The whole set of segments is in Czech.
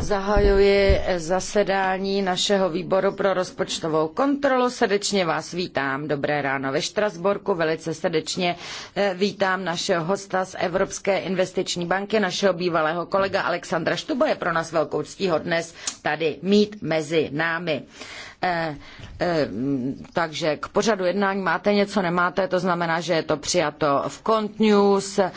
Zahajuji zasedání našeho výboru pro rozpočtovou kontrolu. Srdečně vás vítám. Dobré ráno ve Štrasborku. Velice srdečně eh, vítám našeho hosta z Evropské investiční banky, našeho bývalého kolega Alexandra Štubo. Je pro nás velkou ctí ho dnes tady mít mezi námi. Eh, eh, takže k pořadu jednání máte něco, nemáte, to znamená, že je to přijato v Cont News, eh,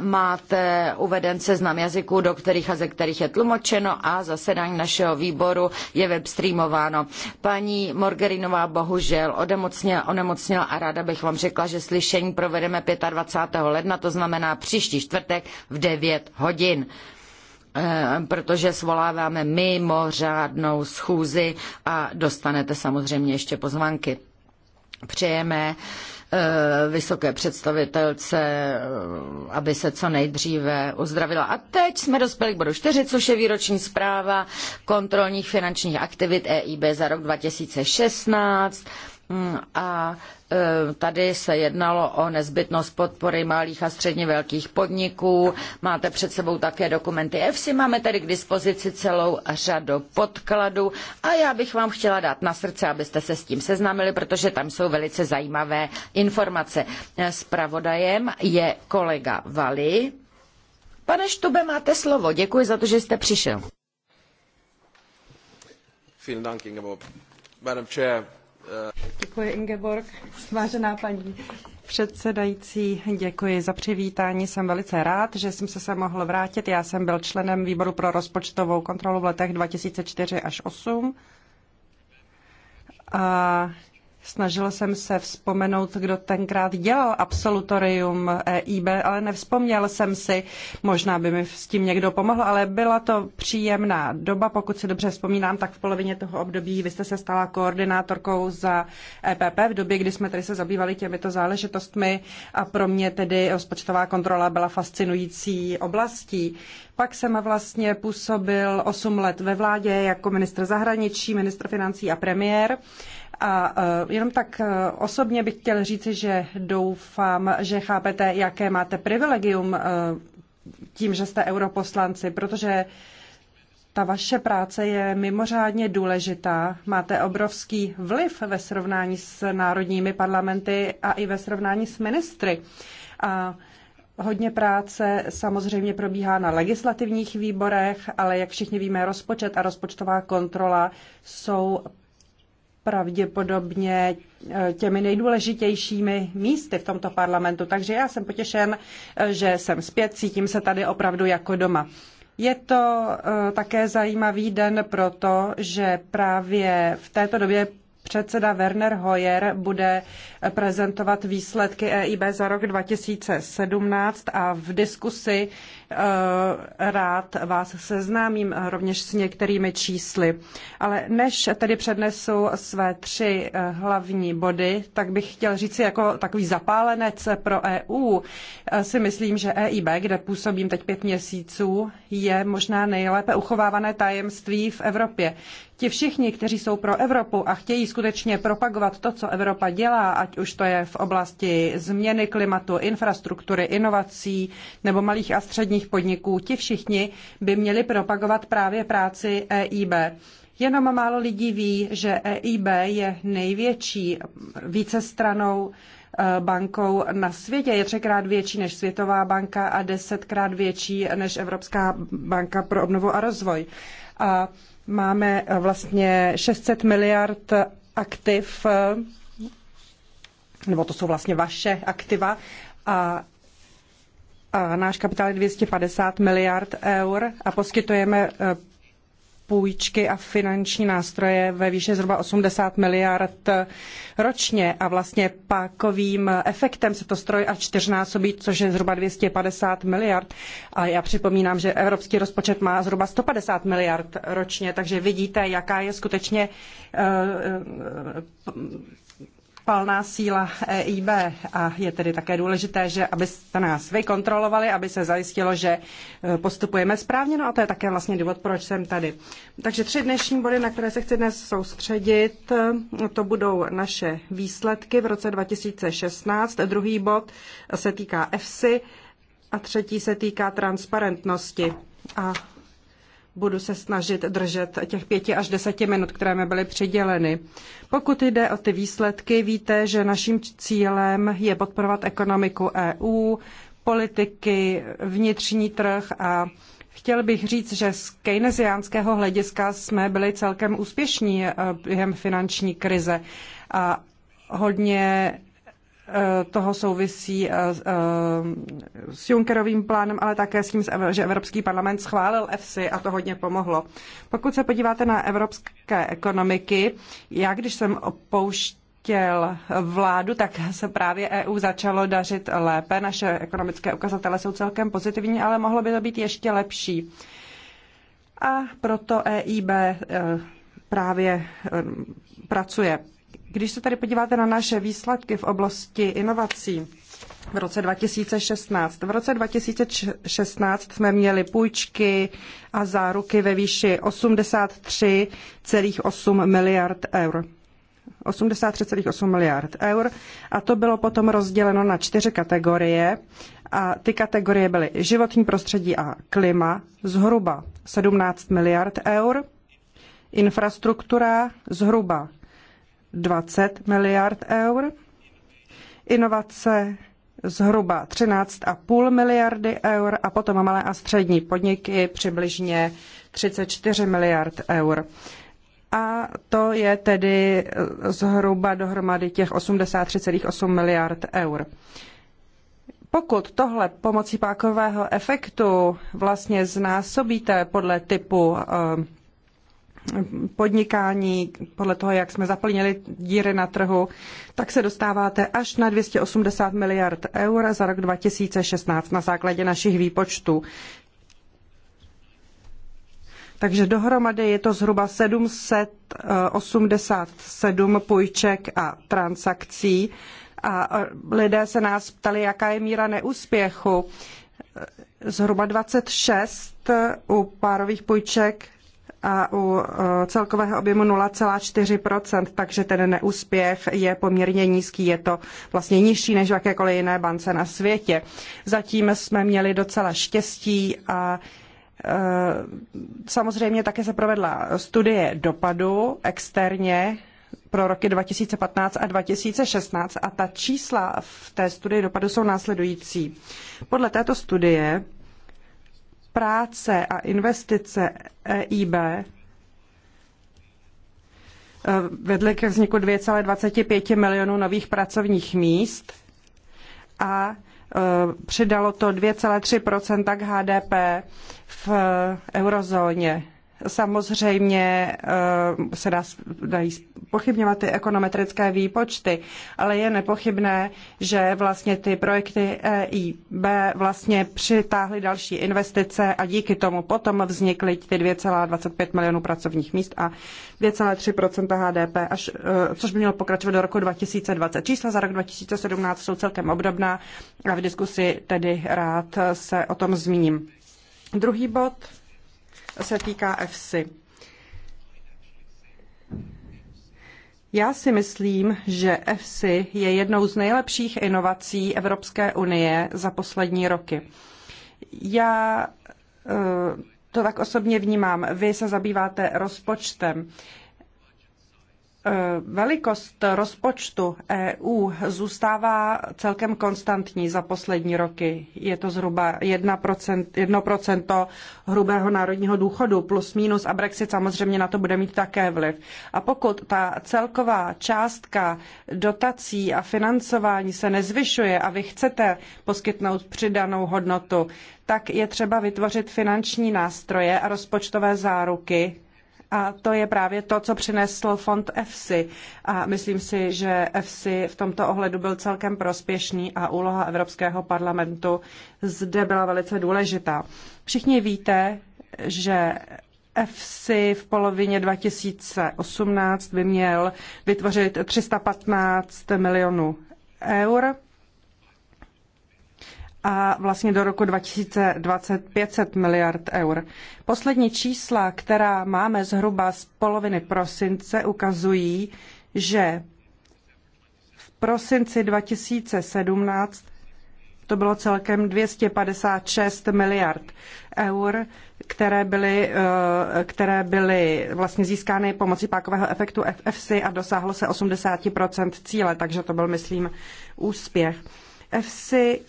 máte uveden seznam jazyků, do kterých a ze kterých je tlumočeno a zasedání našeho výboru je webstreamováno. Paní Morgerinová bohužel odemocněla, onemocněla a ráda bych vám řekla, že slyšení provedeme 25. ledna, to znamená příští čtvrtek v 9 hodin. Eh, protože svoláváme mimořádnou schůzi a dostanete samozřejmě ještě pozvánky. Přejeme eh, vysoké představitelce, eh, aby se co nejdříve uzdravila. A teď jsme dospěli k bodu 4, což je výroční zpráva kontrolních finančních aktivit EIB za rok 2016. Hmm, a e, tady se jednalo o nezbytnost podpory malých a středně velkých podniků. Máte před sebou také dokumenty EFSI, máme tedy k dispozici celou řadu podkladů a já bych vám chtěla dát na srdce, abyste se s tím seznámili, protože tam jsou velice zajímavé informace. Spravodajem e, je kolega Vali. Pane Štube, máte slovo. Děkuji za to, že jste přišel. Vielen Dank, Ingeborg. Madam Chair, Děkuji, Ingeborg. Vážená paní předsedající, děkuji za přivítání. Jsem velice rád, že jsem se sem mohl vrátit. Já jsem byl členem výboru pro rozpočtovou kontrolu v letech 2004 až 2008. A Snažil jsem se vzpomenout, kdo tenkrát dělal absolutorium EIB, ale nevzpomněl jsem si. Možná by mi s tím někdo pomohl, ale byla to příjemná doba. Pokud si dobře vzpomínám, tak v polovině toho období vy jste se stala koordinátorkou za EPP v době, kdy jsme tady se zabývali těmito záležitostmi a pro mě tedy rozpočtová kontrola byla fascinující oblastí. Pak jsem vlastně působil 8 let ve vládě jako ministr zahraničí, ministr financí a premiér. A eh, jenom tak eh, osobně bych chtěl říci, že doufám, že chápete, jaké máte privilegium eh, tím, že jste europoslanci, protože ta vaše práce je mimořádně důležitá. Máte obrovský vliv ve srovnání s národními parlamenty a i ve srovnání s ministry. A Hodně práce samozřejmě probíhá na legislativních výborech, ale jak všichni víme, rozpočet a rozpočtová kontrola jsou pravděpodobně eh, těmi nejdůležitějšími místy v tomto parlamentu. Takže já jsem potěšen, eh, že jsem zpět, cítím se tady opravdu jako doma. Je to eh, také zajímavý den proto, že právě v této době předseda Werner Hoyer bude prezentovat výsledky EIB za rok 2017 a v diskusi Eh, rád vás seznámím rovněž s některými čísly. Ale než tedy přednesu své tři eh, hlavní body, tak bych chtěl říci jako takový zapálenec pro EU. Eh, si myslím, že EIB, kde působím teď pět měsíců, je možná nejlépe uchovávané tajemství v Evropě. Ti všichni, kteří jsou pro Evropu a chtějí skutečně propagovat to, co Evropa dělá, ať už to je v oblasti změny klimatu, infrastruktury, inovací nebo malých a středních středních podniků. Ti všichni by měli propagovat právě práci EIB. Jenom málo lidí ví, že EIB je největší vícestranou eh, bankou na světě. Je třikrát větší než Světová banka a desetkrát větší než Evropská banka pro obnovu a rozvoj. A máme eh, vlastně 600 miliard aktiv, eh, nebo to jsou vlastně vaše aktiva, a náš kapitál je 250 miliard eur a poskytujeme eh, půjčky a finanční nástroje ve výši zhruba 80 miliard eh, ročně a vlastně pákovým eh, efektem se to stroj a čtyřnásobí, což je zhruba 250 miliard. A já připomínám, že evropský rozpočet má zhruba 150 miliard ročně, takže vidíte, jaká je skutečně palná síla EIB a je tedy také důležité, že abyste nás vy kontrolovali, aby se zajistilo, že e, postupujeme správně, no a to je také vlastně důvod, proč jsem tady. Takže tři dnešní body, na které se chci dnes soustředit, e, to budou naše výsledky v roce 2016, druhý bod se týká EFSI a třetí se týká transparentnosti. A Budu se snažit držet těch pěti až deseti minut, které mi byly přiděleny. Pokud jde o ty výsledky, víte, že naším cílem je podporovat ekonomiku EU, politiky, vnitřní trh a Chtěl bych říct, že z keynesiánského hlediska jsme byli celkem úspěšní eh, během finanční krize a hodně Eh, toho souvisí eh, eh, s Junckerovým plánem, ale také s tím, že Evropský parlament schválil EFSI a to hodně pomohlo. Pokud se podíváte na evropské ekonomiky, já když jsem opouštěl vládu, tak se právě EU začalo dařit lépe. Naše ekonomické ukazatele jsou celkem pozitivní, ale mohlo by to být ještě lepší. A proto EIB právě pracuje když se tady podíváte na naše výsledky v oblasti inovací v roce 2016. V roce 2016 jsme měli půjčky a záruky ve výši 83,8 miliard eur. 83,8 miliard eur a to bylo potom rozděleno na čtyři kategorie a ty kategorie byly životní prostředí a klima zhruba 17 miliard eur, infrastruktura zhruba 20 miliard eur, inovace zhruba 13,5 miliardy eur a potom malé a střední podniky přibližně 34 miliard eur. A to je tedy zhruba dohromady těch 83,8 miliard eur. Pokud tohle pomocí pákového efektu vlastně znásobíte podle typu eh, podnikání, podle toho, jak jsme zaplnili díry na trhu, tak se dostáváte až na 280 miliard eur za rok 2016 na základě našich výpočtů. Takže dohromady je to zhruba 787 půjček a transakcí. A lidé se nás ptali, jaká je míra neúspěchu. Zhruba 26 u párových půjček a u e, celkového objemu 0,4%, takže ten neúspěch je poměrně nízký, je to vlastně nižší než v jakékoliv jiné bance na světě. Zatím jsme měli docela štěstí a e, Samozřejmě také se provedla studie dopadu externě pro roky 2015 a 2016 a ta čísla v té studii dopadu jsou následující. Podle této studie práce a investice EIB eh, vedly ke vzniku 2,25 milionů nových pracovních míst a eh, přidalo to 2,3 k HDP v eh, eurozóně. Samozřejmě eh, se dá, dají pochybňovat ty ekonometrické výpočty, ale je nepochybné, že vlastně ty projekty EIB vlastně přitáhly další investice a díky tomu potom vznikly ty 2,25 milionů pracovních míst a 2,3 HDP, až, eh, což by mělo pokračovat do roku 2020. Čísla za rok 2017 jsou celkem obdobná a v diskusi tedy rád se o tom zmíním. Druhý bod se týká EFSI. Já si myslím, že EFSI je jednou z nejlepších inovací Evropské unie za poslední roky. Já eh, to tak osobně vnímám. Vy se zabýváte rozpočtem. Eh, velikost rozpočtu EU zůstává celkem konstantní za poslední roky. Je to zhruba 1%, 1% hrubého národního důchodu plus minus a Brexit samozřejmě na to bude mít také vliv. A pokud ta celková částka dotací a financování se nezvyšuje a vy chcete poskytnout přidanou hodnotu, tak je třeba vytvořit finanční nástroje a rozpočtové záruky, a to je právě to, co přinesl fond EFSI. A myslím si, že EFSI v tomto ohledu byl celkem prospěšný a úloha Evropského parlamentu zde byla velice důležitá. Všichni víte, že EFSI v polovině 2018 by měl vytvořit 315 milionů eur a vlastně do roku 2020 500 miliard eur. Poslední čísla, která máme zhruba z poloviny prosince, ukazují, že v prosinci 2017 to bylo celkem 256 miliard eur, které byly, eh, které byly vlastně získány pomocí pákového efektu FFC a dosáhlo se 80% cíle, takže to byl, myslím, úspěch. FSI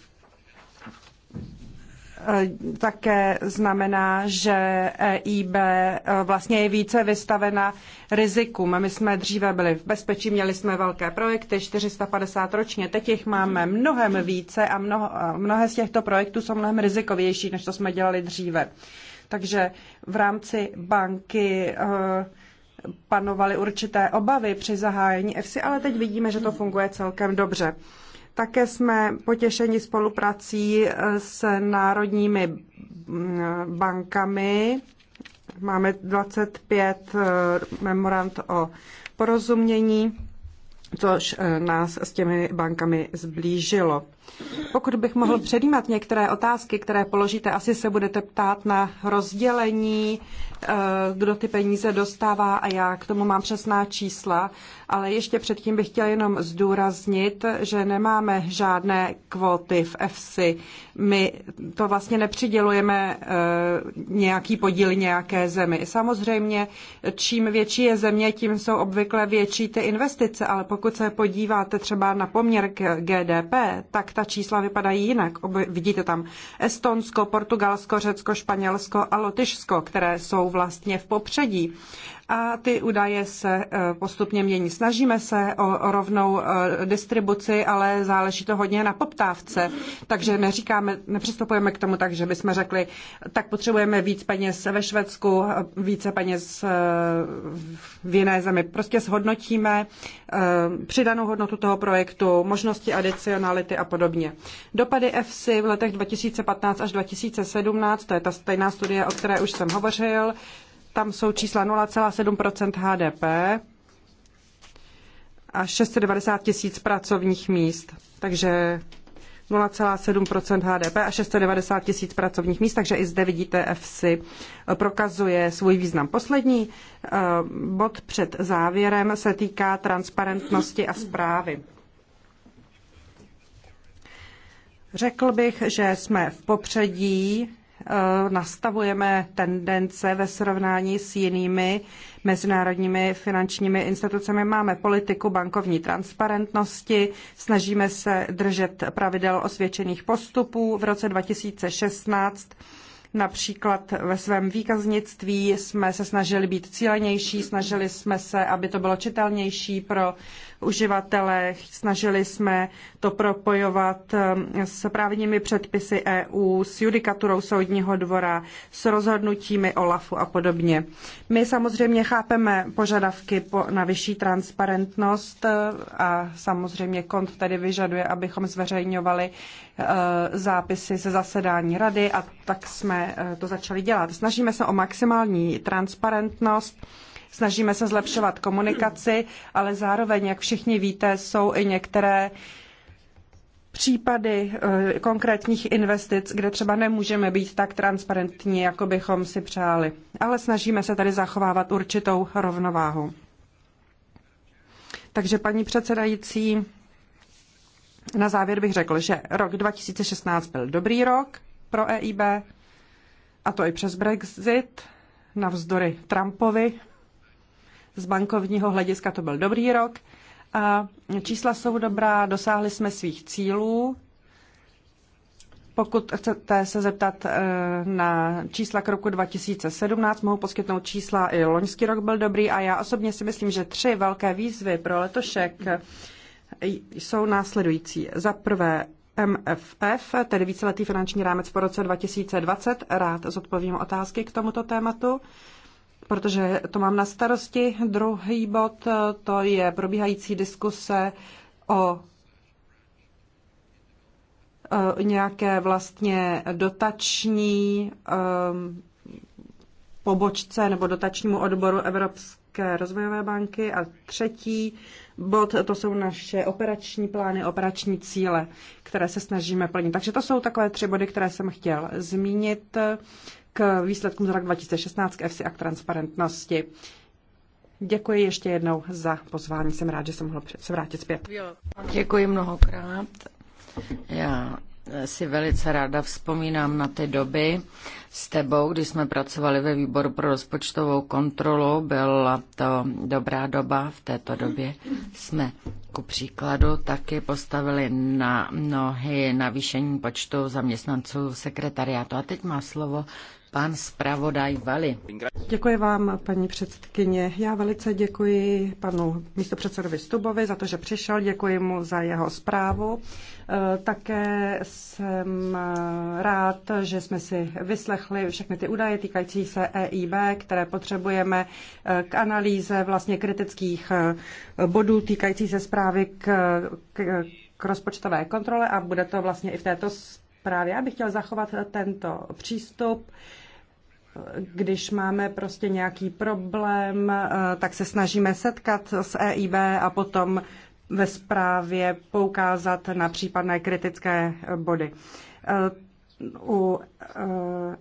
Eh, také znamená, že EIB eh, vlastně je více vystavena rizikům. My jsme dříve byli v bezpečí, měli jsme velké projekty, 450 ročně, teď jich máme mnohem více a mnoho, mnohé z těchto projektů jsou mnohem rizikovější, než to jsme dělali dříve. Takže v rámci banky eh, panovaly určité obavy při zahájení EFSI, ale teď vidíme, že to funguje celkem dobře. Také jsme potěšeni spoluprací eh, s národními mm, bankami. Máme 25 eh, memorand o porozumění, což eh, nás s těmi bankami zblížilo. Pokud bych mohl předjímat některé otázky, které položíte, asi se budete ptát na rozdělení Eh, kdo ty peníze dostává a já k tomu mám přesná čísla, ale ještě předtím bych chtěla jenom zdůraznit, že nemáme žádné kvóty v EFSI. My to vlastně nepřidělujeme eh, nějaký podíl nějaké zemi. Samozřejmě, čím větší je země, tím jsou obvykle větší ty investice, ale pokud se podíváte třeba na poměr k GDP, tak ta čísla vypadají jinak. Vidíte tam Estonsko, Portugalsko, Řecko, Španělsko a Lotyšsko, které jsou jsou vlastně v popředí a ty údaje se e, postupně mění. Snažíme se o rovnou e, distribuci, ale záleží to hodně na poptávce. Takže neříkáme, nepřistupujeme k tomu tak, že bychom řekli, tak potřebujeme víc peněz ve Švédsku, více peněz e, v jiné zemi. Prostě shodnotíme přidanou hodnotu toho projektu, možnosti adicionality a podobně. Dopady EFSI v letech 2015 až 2017, to je ta stejná studie, o které už jsem hovořil, tam jsou čísla 0,7 HDP a 690 tisíc pracovních míst. Takže 0,7 HDP a 690 tisíc pracovních míst, takže i zde vidíte EFSI prokazuje svůj význam. Poslední eh, bod před závěrem se týká transparentnosti a zprávy. Řekl bych, že jsme v popředí Eh, nastavujeme tendence ve srovnání s jinými mezinárodními finančními institucemi. Máme politiku bankovní transparentnosti, snažíme se držet pravidel osvědčených postupů. V roce 2016 Například ve svém výkaznictví jsme se snažili být cílenější, snažili jsme se, aby to bylo čitelnější pro uživatele. Snažili jsme to propojovat um, s právními předpisy EU, s judikaturou Soudního dvora, s rozhodnutími OLAFu a podobně. My samozřejmě chápeme požadavky na vyšší transparentnost uh, a samozřejmě kont tedy vyžaduje, abychom zveřejňovali uh, zápisy ze zasedání rady a tak jsme uh, to začali dělat. Snažíme se o maximální transparentnost snažíme se zlepšovat komunikaci, ale zároveň, jak všichni víte, jsou i některé případy eh, konkrétních investic, kde třeba nemůžeme být tak transparentní, jako bychom si přáli. Ale snažíme se tady zachovávat určitou rovnováhu. Takže paní předsedající, na závěr bych řekl, že rok 2016 byl dobrý rok pro EIB, a to i přes Brexit, navzdory Trumpovi, z bankovního hlediska to byl dobrý rok a čísla jsou dobrá, dosáhli jsme svých cílů. Pokud chcete se zeptat eh, na čísla k roku 2017, mohu poskytnout čísla, i loňský rok byl dobrý a já osobně si myslím, že tři velké výzvy pro letošek jsou následující. Za prvé MFF, tedy víceletý finanční rámec po roce 2020. Rád zodpovím otázky k tomuto tématu protože to mám na starosti. Druhý bod eh, to je probíhající diskuse o eh, nějaké vlastně dotační ehm, pobočce nebo dotačnímu odboru Evropské rozvojové banky. A třetí bod, to jsou naše operační plány, operační cíle, které se snažíme plnit. Takže to jsou takové tři body, které jsem chtěl zmínit k výsledkům z rok 2016 k EFSI a k transparentnosti. Děkuji ještě jednou za pozvání. Jsem rád, že jsem mohla se vrátit zpět. Děkuji mnohokrát. Já si velice ráda vzpomínám na ty doby s tebou, když jsme pracovali ve výboru pro rozpočtovou kontrolu. Byla to dobrá doba. V této době jsme ku příkladu taky postavili na nohy navýšení počtu zaměstnanců sekretariátu. A teď má slovo pan zpravodaj Vali. Děkuji vám, paní předsedkyně. Já velice děkuji panu místopředsedovi Stubovi za to, že přišel. Děkuji mu za jeho zprávu. E, také jsem rád, že jsme si vyslechli všechny ty údaje týkající se EIB, které potřebujeme e, k analýze vlastně kritických e, bodů týkající se zprávy k, k, k rozpočtové kontrole a bude to vlastně i v této zprávě. Já bych chtěl zachovat tento přístup když máme prostě nějaký problém, eh, tak se snažíme setkat s EIB a potom ve zprávě poukázat na případné kritické body. Eh, u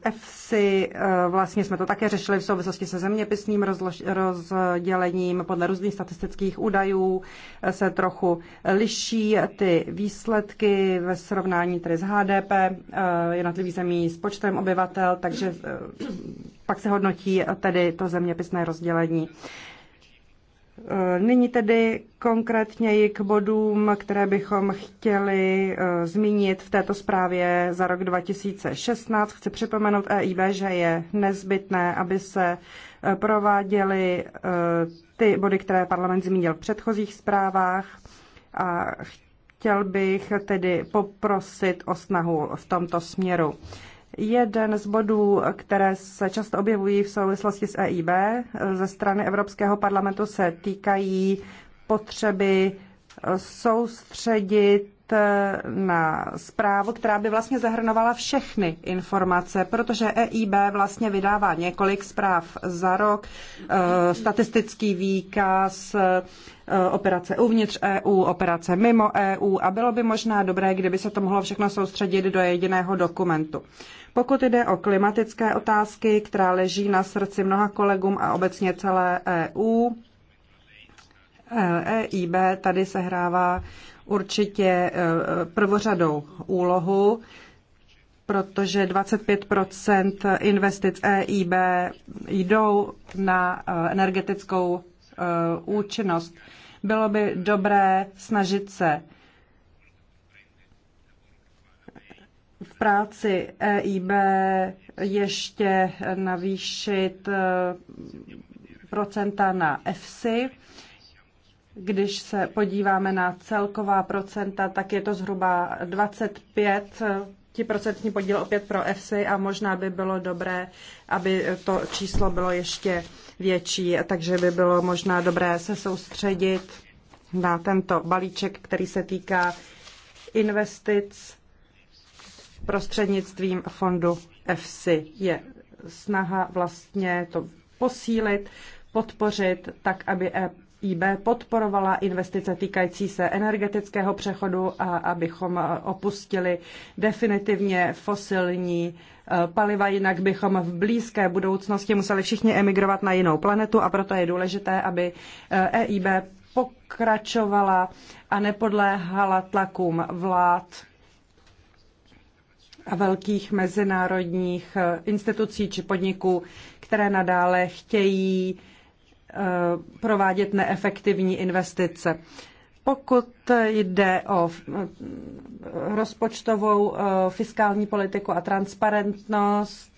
eh, FC eh, vlastně jsme to také řešili v souvislosti se zeměpisným rozdělením. Podle různých statistických údajů eh, se trochu liší ty výsledky ve srovnání tedy s HDP jednotlivý zemí s počtem obyvatel, takže pak se hodnotí tedy to zeměpisné rozdělení. Eh, nyní tedy konkrétně k bodům, které bychom chtěli eh, zmínit v této zprávě za rok 2016. Chci připomenout EIB, že je nezbytné, aby se eh, prováděly ty body, které parlament zmínil v předchozích zprávách. A chtěl bych tedy poprosit o snahu v tomto směru. Jeden z bodů, které se často objevují v souvislosti s EIB ze strany Evropského parlamentu, se týkají potřeby soustředit Eh, na zprávu, která by vlastně zahrnovala všechny informace, protože EIB vlastně vydává několik zpráv za rok, eh, statistický výkaz, eh, operace uvnitř EU, operace mimo EU a bylo by možná dobré, kdyby se to mohlo všechno soustředit do jediného dokumentu. Pokud jde o klimatické otázky, která leží na srdci mnoha kolegům a obecně celé EU, EIB e tady sehrává určitě eh, prvořadou úlohu, protože 25 investic EIB jdou na eh, energetickou eh, účinnost. Bylo by dobré snažit se v práci EIB ještě navýšit procenta na EFSI když se podíváme na celková procenta, tak je to zhruba 25 procentní podíl opět pro EFSI a možná by bylo dobré, aby to číslo bylo ještě větší, takže by bylo možná dobré se soustředit na tento balíček, který se týká investic prostřednictvím fondu EFSI. Je snaha vlastně to posílit, podpořit tak, aby EIB podporovala investice týkající se energetického přechodu a abychom opustili definitivně fosilní e, paliva, jinak bychom v blízké budoucnosti museli všichni emigrovat na jinou planetu a proto je důležité, aby EIB e pokračovala a nepodléhala tlakům vlád a velkých mezinárodních e, institucí či podniků, které nadále chtějí Eh, provádět neefektivní investice. Pokud jde o eh, rozpočtovou eh, fiskální politiku a transparentnost,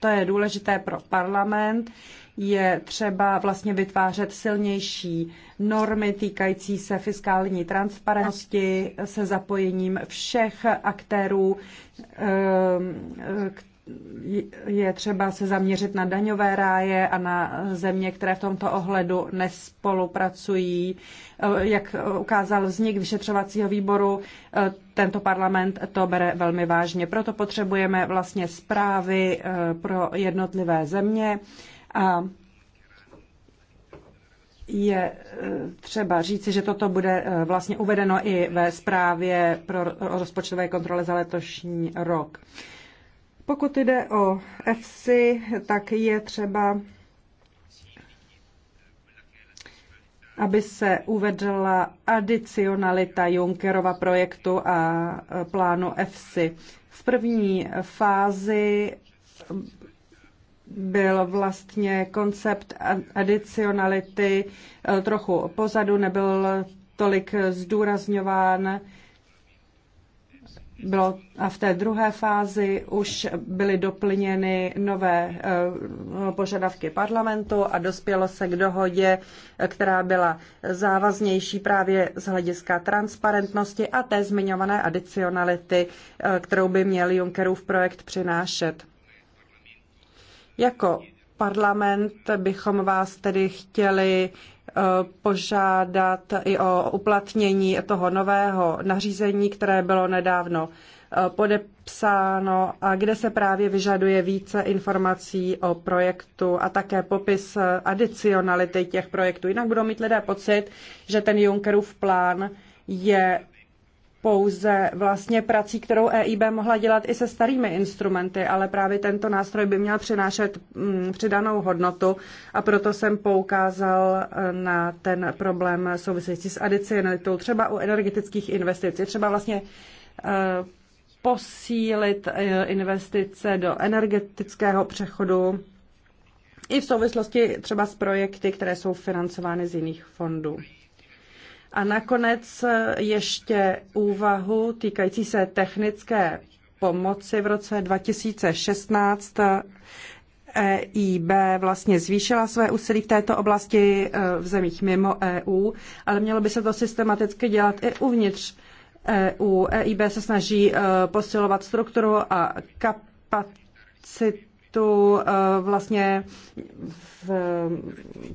to je důležité pro parlament. Je třeba vlastně vytvářet silnější normy týkající se fiskální transparentnosti se zapojením všech aktérů, je třeba se zaměřit na daňové ráje a na země, které v tomto ohledu nespolupracují. Jak ukázal vznik vyšetřovacího výboru, tento parlament to bere velmi vážně. Proto potřebujeme vlastně zprávy eh, pro jednotlivé země a je eh, třeba říci, že toto bude eh, vlastně uvedeno i ve zprávě pro rozpočtové kontrole za letošní rok. Pokud jde o EFSI, tak je třeba, aby se uvedla adicionalita Junckerova projektu a plánu EFSI. V první fázi byl vlastně koncept adicionality trochu pozadu, nebyl tolik zdůrazňován bylo, a v té druhé fázi už byly doplněny nové eh, požadavky parlamentu a dospělo se k dohodě, která byla závaznější právě z hlediska transparentnosti a té zmiňované adicionality, eh, kterou by měl Junckerův projekt přinášet. Jako parlament bychom vás tedy chtěli požádat i o uplatnění toho nového nařízení, které bylo nedávno eh, podepsáno a kde se právě vyžaduje více informací o projektu a také popis adicionality těch projektů. Jinak budou mít lidé pocit, že ten Junckerův plán je pouze vlastně prací, kterou EIB mohla dělat i se starými instrumenty, ale právě tento nástroj by měl přinášet mm, přidanou hodnotu a proto jsem poukázal e, na ten problém související s adicionalitou, třeba u energetických investic. Je třeba vlastně e, posílit e, investice do energetického přechodu i v souvislosti třeba s projekty, které jsou financovány z jiných fondů. A nakonec eh, ještě úvahu týkající se technické pomoci v roce 2016 EIB vlastně zvýšila své úsilí v této oblasti eh, v zemích mimo EU, ale mělo by se to systematicky dělat i uvnitř EU. EIB se snaží eh, posilovat strukturu a kapacitu tu eh, vlastně v,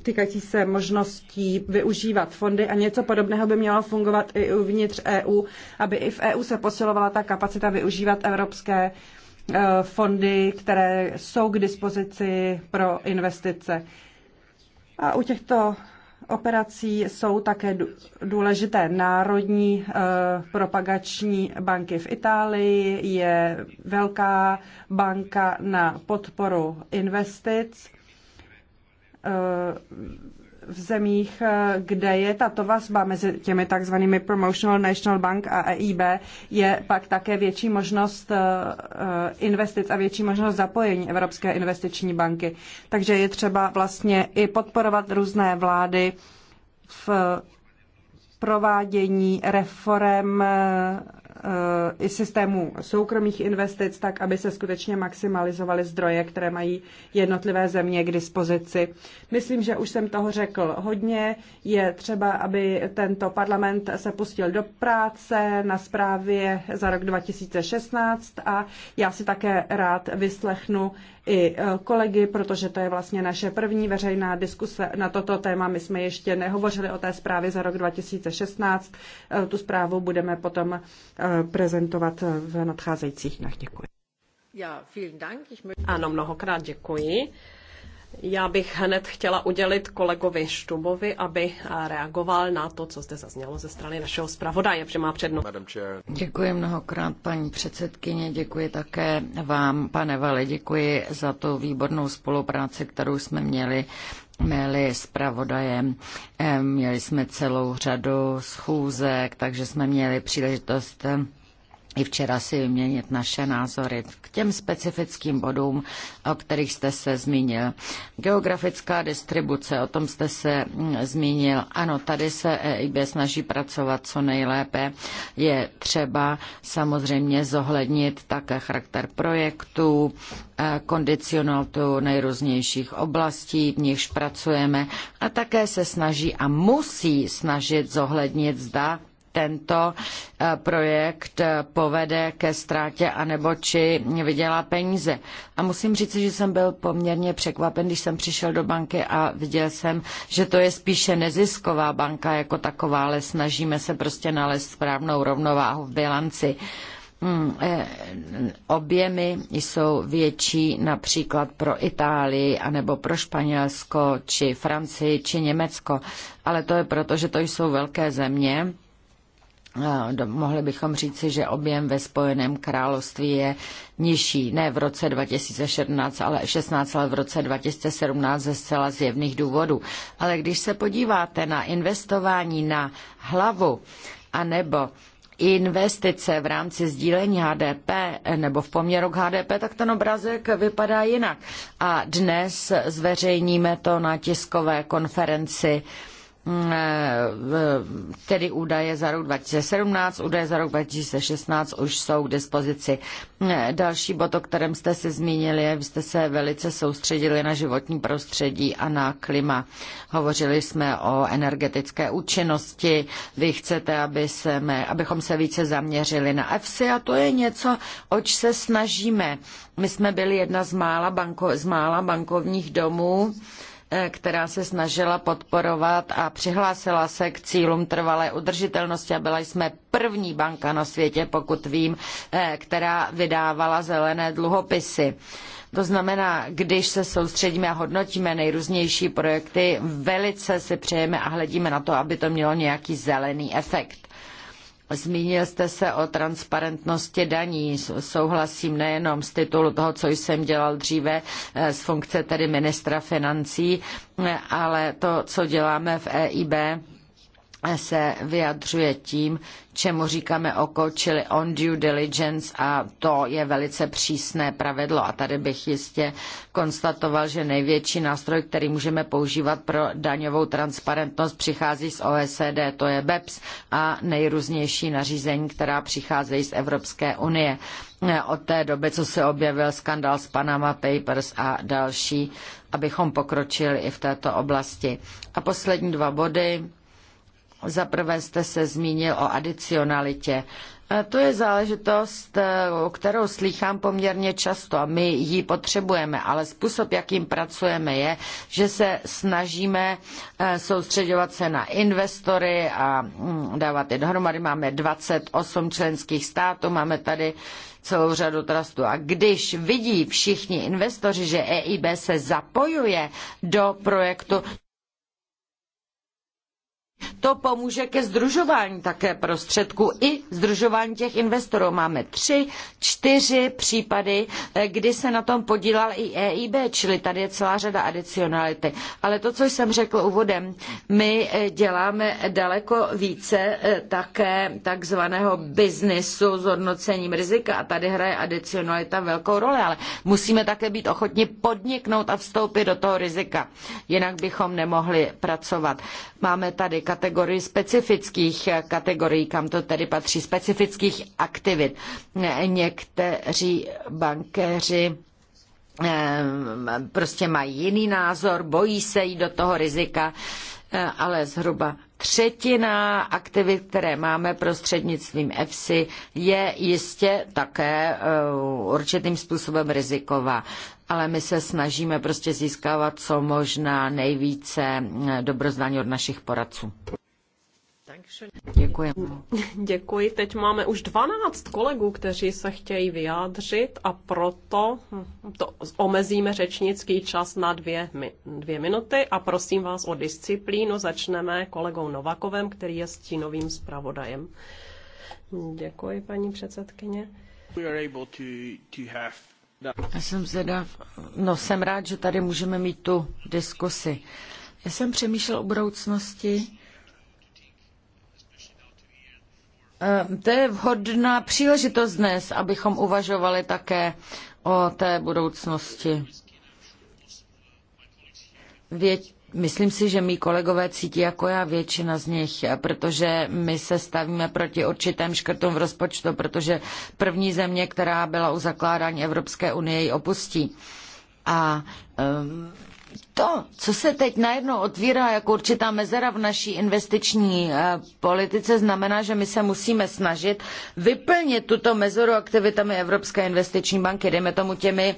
týkající se možností využívat fondy a něco podobného by mělo fungovat i uvnitř EU, aby i v EU se posilovala ta kapacita využívat evropské eh, fondy, které jsou k dispozici pro investice. A u těchto operací jsou také důležité národní eh, propagační banky v Itálii, je velká banka na podporu investic eh, v zemích, eh, kde je tato vazba mezi těmi takzvanými Promotional National Bank a EIB, je pak také větší možnost eh, investic a větší možnost zapojení Evropské investiční banky. Takže je třeba vlastně i podporovat různé vlády v provádění reform eh, Eh, i systému soukromých investic, tak aby se skutečně maximalizovaly zdroje, které mají jednotlivé země k dispozici. Myslím, že už jsem toho řekl hodně. Je třeba, aby tento parlament se pustil do práce na zprávě za rok 2016 a já si také rád vyslechnu i eh, kolegy, protože to je vlastně naše první veřejná diskuse na toto téma. My jsme ještě nehovořili o té zprávě za rok 2016. Eh, tu zprávu budeme potom prezentovat v nadcházejících dnech. Děkuji. Ano, mnohokrát děkuji. Já bych hned chtěla udělit kolegovi Štubovi, aby eh, reagoval na to, co zde zaznělo ze strany našeho zpravodaje, že má přednost. Děkuji mnohokrát, paní předsedkyně, děkuji také vám, pane Vale, děkuji za tu výbornou spolupráci, kterou jsme měli měli zpravodajem. Eh, měli jsme celou řadu schůzek, takže jsme měli příležitost eh, i včera si vyměnit naše názory k těm specifickým bodům, o kterých jste se zmínil. Geografická distribuce, o tom jste se mm, zmínil. Ano, tady se EIB snaží pracovat co nejlépe. Je třeba samozřejmě zohlednit také charakter projektů, eh, kondicionaltu nejrůznějších oblastí, v nichž pracujeme a také se snaží a musí snažit zohlednit, zda tento eh, projekt eh, povede ke ztrátě anebo či vydělá peníze. A musím říct, že jsem byl poměrně překvapen, když jsem přišel do banky a viděl jsem, že to je spíše nezisková banka jako taková, ale snažíme se prostě nalézt správnou rovnováhu v bilanci. Hmm, eh, objemy jsou větší například pro Itálii, anebo pro Španělsko, či Francii, či Německo. Ale to je proto, že to jsou velké země, mohli bychom říci, že objem ve Spojeném království je nižší, ne v roce 2016, ale 16, ale v roce 2017 ze zcela zjevných důvodů. Ale když se podíváte na investování na hlavu, a nebo investice v rámci sdílení HDP nebo v poměru k HDP, tak ten obrazek vypadá jinak. A dnes zveřejníme to na tiskové konferenci uh, Eh, eh, tedy údaje za rok 2017, údaje za rok 2016 už jsou k dispozici. Eh, další bod, o kterém jste se zmínili, je, vy jste se velice soustředili na životní prostředí a na klima. Hovořili jsme o energetické účinnosti, vy chcete, aby se, jsme, abychom se více zaměřili na EFSI a to je něco, oč se snažíme. My jsme byli jedna z mála, banko, z mála bankovních domů, Eh, která se snažila podporovat a přihlásila se k cílům trvalé udržitelnosti a byla jsme první banka na světě, pokud vím, eh, která vydávala zelené dluhopisy. To znamená, když se soustředíme a hodnotíme nejrůznější projekty, velice si přejeme a hledíme na to, aby to mělo nějaký zelený efekt. Zmínil jste se o transparentnosti daní. Souhlasím nejenom z titulu toho, co jsem dělal dříve eh, z funkce tedy ministra financí, eh, ale to, co děláme v EIB, se vyjadřuje tím, čemu říkáme oko, čili on due diligence a to je velice přísné pravidlo. A tady bych jistě konstatoval, že největší nástroj, který můžeme používat pro daňovou transparentnost, přichází z OECD, to je BEPS a nejrůznější nařízení, která přicházejí z Evropské unie. Od té doby, co se objevil skandal s Panama Papers a další, abychom pokročili i v této oblasti. A poslední dva body za prvé jste se zmínil o adicionalitě. E, to je záležitost, e, o kterou slýchám poměrně často a my ji potřebujeme, ale způsob, jakým pracujeme, je, že se snažíme e, soustředovat se na investory a mm, dávat je dohromady. Máme 28 členských států, máme tady celou řadu trustů. A když vidí všichni investoři, že EIB se zapojuje do projektu, to pomůže ke združování také prostředků i združování těch investorů. Máme tři, čtyři případy, eh, kdy se na tom podílal i EIB, čili tady je celá řada adicionality. Ale to, co jsem řekl úvodem, my eh, děláme daleko více eh, také takzvaného biznisu s hodnocením rizika a tady hraje adicionalita velkou roli, ale musíme také být ochotni podniknout a vstoupit do toho rizika. Jinak bychom nemohli pracovat. Máme tady kategorii specifických kategorií, kam to tedy patří, specifických aktivit. Někteří bankéři eh, prostě mají jiný názor, bojí se jít do toho rizika Eh, ale zhruba třetina aktivit, které máme prostřednictvím EFSI, je jistě také eh, určitým způsobem riziková. Ale my se snažíme prostě získávat co možná nejvíce eh, dobrozdání od našich poradců. Děkuji. Děkuji. Teď máme už 12 kolegů, kteří se chtějí vyjádřit a proto to omezíme řečnický čas na dvě, dvě minuty a prosím vás o disciplínu. Začneme kolegou Novakovem, který je stínovým zpravodajem. Děkuji, paní předsedkyně. Já jsem zeda, no jsem rád, že tady můžeme mít tu diskusi. Já jsem přemýšlel o budoucnosti Ehm, to je vhodná příležitost dnes, abychom uvažovali také o té budoucnosti. Vě- myslím si, že mý kolegové cítí jako já většina z nich, protože my se stavíme proti určitém škrtům v rozpočtu, protože první země, která byla u zakládání Evropské unie, ji opustí. A um, to, co se teď najednou otvírá jako určitá mezera v naší investiční eh, politice, znamená, že my se musíme snažit vyplnit tuto mezeru aktivitami Evropské investiční banky, dejme tomu těmi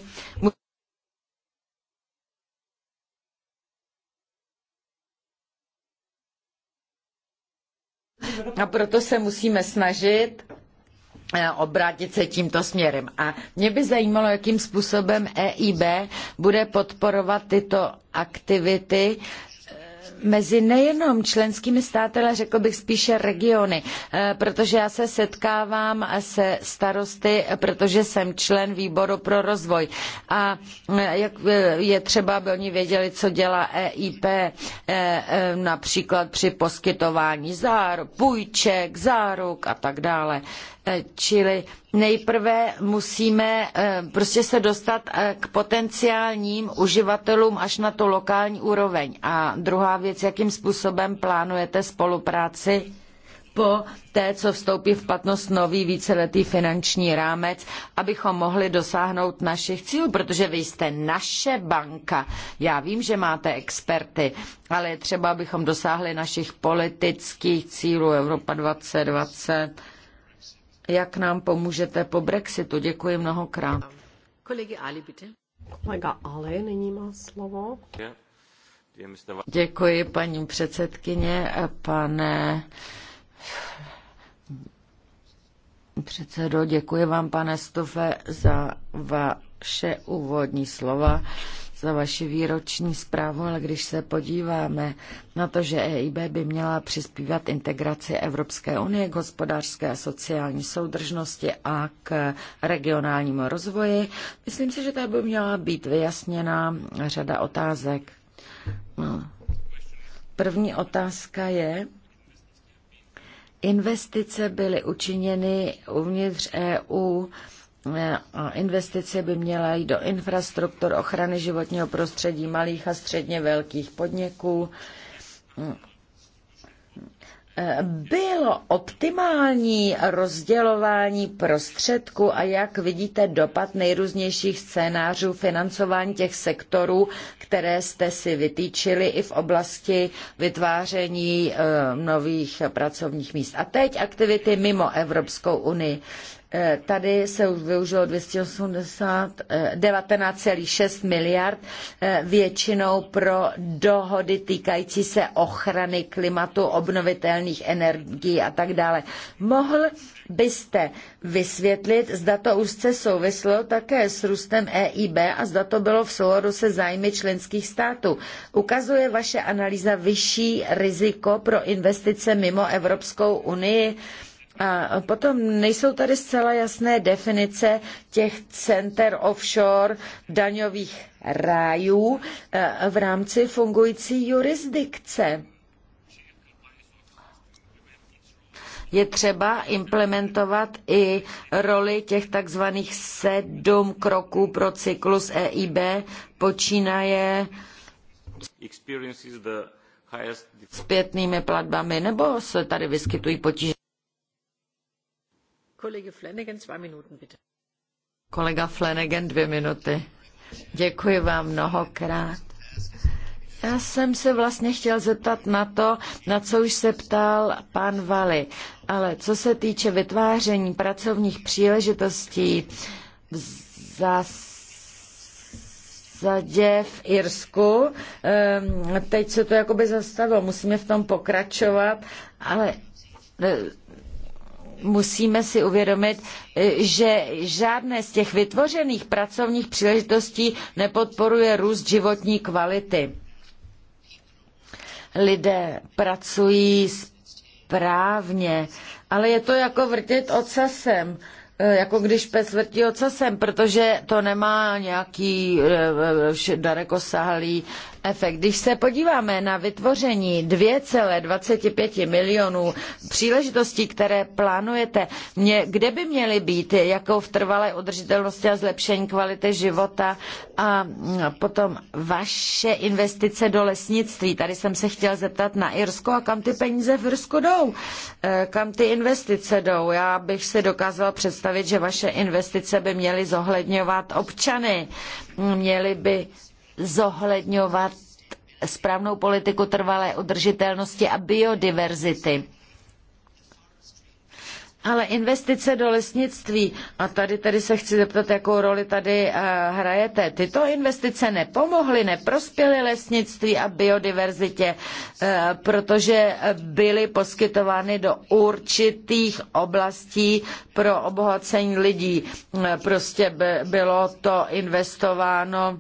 A proto se musíme snažit Eh, obrátit se tímto směrem. A mě by zajímalo, jakým způsobem EIB bude podporovat tyto aktivity mezi nejenom členskými státy, ale řekl bych spíše regiony, eh, protože já se setkávám se starosty, protože jsem člen výboru pro rozvoj. A eh, jak eh, je třeba, aby oni věděli, co dělá EIP, například při poskytování záruk, půjček, záruk a tak dále. Čili nejprve musíme eh, prostě se dostat eh, k potenciálním uživatelům až na tu lokální úroveň. A druhá věc, jakým způsobem plánujete spolupráci po té, co vstoupí v platnost nový víceletý finanční rámec, abychom mohli dosáhnout našich cílů, protože vy jste naše banka. Já vím, že máte experty, ale je třeba, abychom dosáhli našich politických cílů Evropa 2020 jak nám pomůžete po Brexitu. Děkuji mnohokrát. Kolegy Ali, bitte. Kolega Ali, nyní má slovo. Děkuji, paní předsedkyně, pane předsedo, děkuji vám, pane Stofe, za vaše úvodní slova za vaši výroční zprávu, ale když se podíváme na to, že EIB by měla přispívat integraci Evropské unie k hospodářské a sociální soudržnosti a k regionálnímu rozvoji, myslím si, že tady by měla být vyjasněna řada otázek. No. První otázka je, investice byly učiněny uvnitř EU, Eh, a investice by měla jít do infrastruktur ochrany životního prostředí malých a středně velkých podniků. Eh, bylo optimální rozdělování prostředků a jak vidíte dopad nejrůznějších scénářů financování těch sektorů, které jste si vytýčili i v oblasti vytváření eh, nových pracovních míst. A teď aktivity mimo Evropskou unii. Eh, tady se už využilo 19,6 eh, miliard eh, většinou pro dohody týkající se ochrany klimatu, obnovitelných energií a tak dále. Mohl byste vysvětlit, zda to úzce souvislo také s růstem EIB a zda to bylo v souladu se zájmy členských států. Ukazuje vaše analýza vyšší riziko pro investice mimo Evropskou unii? A potom nejsou tady zcela jasné definice těch center offshore daňových rájů e, v rámci fungující jurisdikce. je třeba implementovat i roli těch takzvaných sedm kroků pro cyklus EIB, počínaje zpětnými platbami, nebo se tady vyskytují potíže? Kolega Flanagan, dva minuty, bitte. Kolega dvě minuty. Děkuji vám mnohokrát. Já jsem se vlastně chtěl zeptat na to, na co už se ptal pan Vali. Ale co se týče vytváření pracovních příležitostí, v zásadě v Irsku, ehm, teď se to jakoby zastavilo, musíme v tom pokračovat, ale eh, musíme si uvědomit, e, že žádné z těch vytvořených pracovních příležitostí nepodporuje růst životní kvality. Lidé pracují správně, ale je to jako vrtět ocasem e, jako když pes vrtí ocasem, protože to nemá nějaký e, dalekosáhlý efekt. Když se podíváme na vytvoření 2,25 milionů příležitostí, které plánujete, kde by měly být, jako v trvalé udržitelnosti a zlepšení kvality života a potom vaše investice do lesnictví. Tady jsem se chtěl zeptat na Irsko a kam ty peníze v Irsku jdou, eh, kam ty investice jdou. Já bych si dokázala představit, že vaše investice by měly zohledňovat občany, měly by zohledňovat správnou politiku trvalé udržitelnosti a biodiverzity. Ale investice do lesnictví, a tady, tady se chci zeptat, jakou roli tady eh, hrajete, tyto investice nepomohly, neprospěly lesnictví a biodiverzitě, eh, protože byly poskytovány do určitých oblastí pro obohacení lidí. Eh, prostě bylo to investováno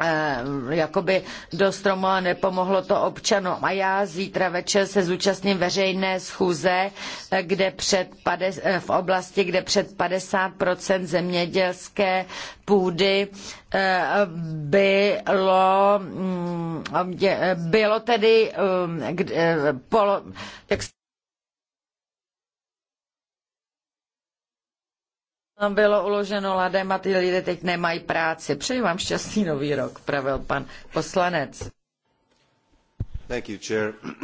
Eh, jakoby do stromu a nepomohlo to občanům. A já zítra večer se zúčastním veřejné schůze, eh, kde před, eh, v oblasti, kde před 50% zemědělské půdy bylo, mm, bylo tedy polo, jak Tam no, bylo uloženo ladem a ty lidé teď nemají práci. Přeji vám šťastný nový rok, pravil pan poslanec. You,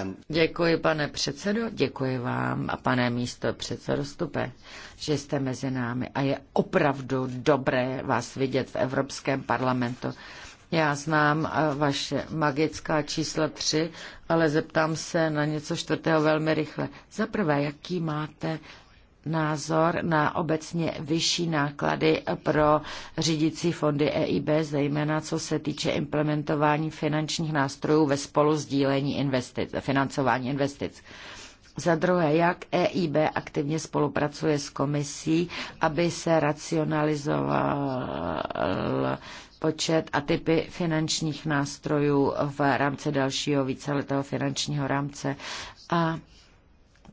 And... Děkuji, pane předsedo, děkuji vám a pane místo předsedo Stupe, že jste mezi námi a je opravdu dobré vás vidět v Evropském parlamentu. Já znám eh, vaše magická čísla tři, ale zeptám se na něco čtvrtého velmi rychle. Za prvé, jaký máte názor na obecně vyšší náklady pro řídící fondy EIB, zejména co se týče implementování finančních nástrojů ve spolu sdílení investic, financování investic. Za druhé, jak EIB aktivně spolupracuje s komisí, aby se racionalizoval počet a typy finančních nástrojů v rámci dalšího víceletého finančního rámce a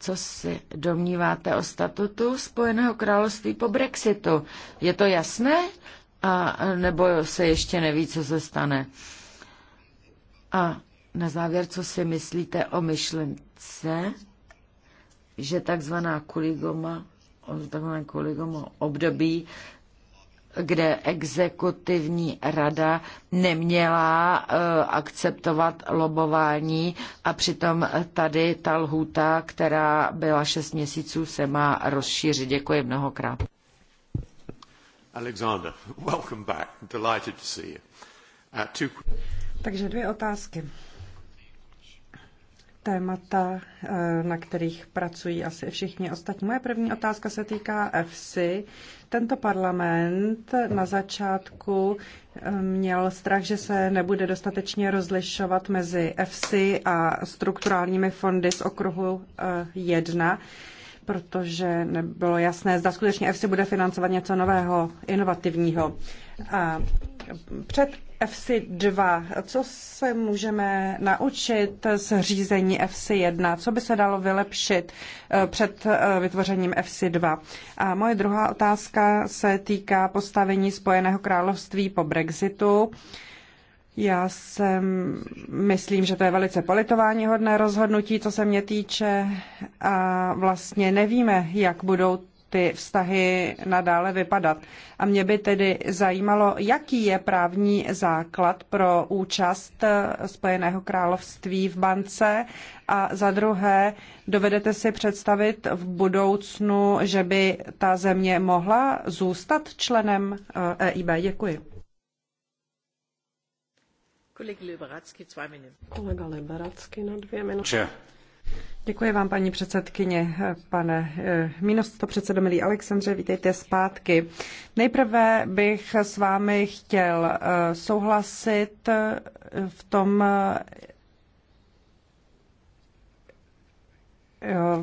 co si domníváte o statutu Spojeného království po Brexitu. Je to jasné? A, nebo se ještě neví, co se stane? A na závěr, co si myslíte o myšlence, že takzvaná kuligoma, takzvané kuligoma období kde exekutivní rada neměla eh, akceptovat lobování a přitom tady ta lhůta, která byla 6 měsíců, se má rozšířit. Děkuji mnohokrát. Alexander, welcome back. Delighted to see you. Uh, two... Takže dvě otázky. Témata, eh, na kterých pracují asi všichni ostatní. Moje první otázka se týká EFSI. Tento parlament na začátku eh, měl strach, že se nebude dostatečně rozlišovat mezi EFSI a strukturálními fondy z okruhu 1. Eh, protože nebylo jasné, zda skutečně EFSI bude financovat něco nového, inovativního. A před EFSI 2, co se můžeme naučit z řízení EFSI 1? Co by se dalo vylepšit eh, před eh, vytvořením EFSI 2? A moje druhá otázka se týká postavení Spojeného království po Brexitu. Já jsem, myslím, že to je velice politováníhodné rozhodnutí, co se mě týče a vlastně nevíme, jak budou ty vztahy nadále vypadat. A mě by tedy zajímalo, jaký je právní základ pro účast eh, Spojeného království v bance a za druhé, dovedete si představit v budoucnu, že by ta země mohla zůstat členem EIB? Eh, e Děkuji na dvě minuty. Děkuji vám, paní předsedkyně, pane eh, místo předsedo milý Alexandře, vítejte zpátky. Nejprve bych s vámi chtěl eh, souhlasit eh, v tom,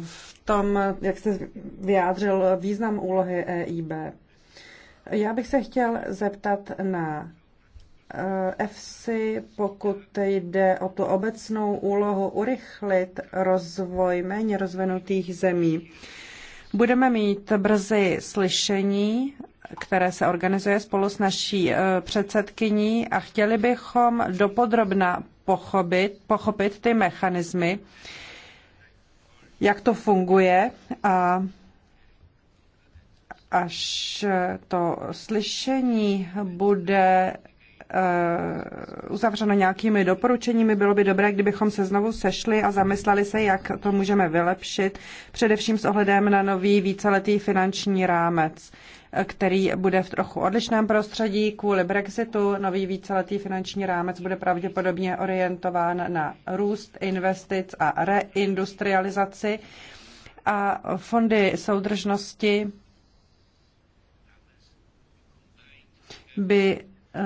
v tom, jak jste vyjádřil význam úlohy EIB. Já bych se chtěl zeptat na EFSI, eh, pokud jde o tu obecnou úlohu urychlit rozvoj méně rozvinutých zemí. Budeme mít brzy slyšení, které se organizuje spolu s naší eh, předsedkyní a chtěli bychom dopodrobna pochopit, pochopit ty mechanismy, jak to funguje a až to slyšení bude Eh, uzavřeno nějakými doporučeními. Bylo by dobré, kdybychom se znovu sešli a zamysleli se, jak to můžeme vylepšit, především s ohledem na nový víceletý finanční rámec eh, který bude v trochu odlišném prostředí. Kvůli Brexitu nový víceletý finanční rámec bude pravděpodobně orientován na růst investic a reindustrializaci a fondy soudržnosti by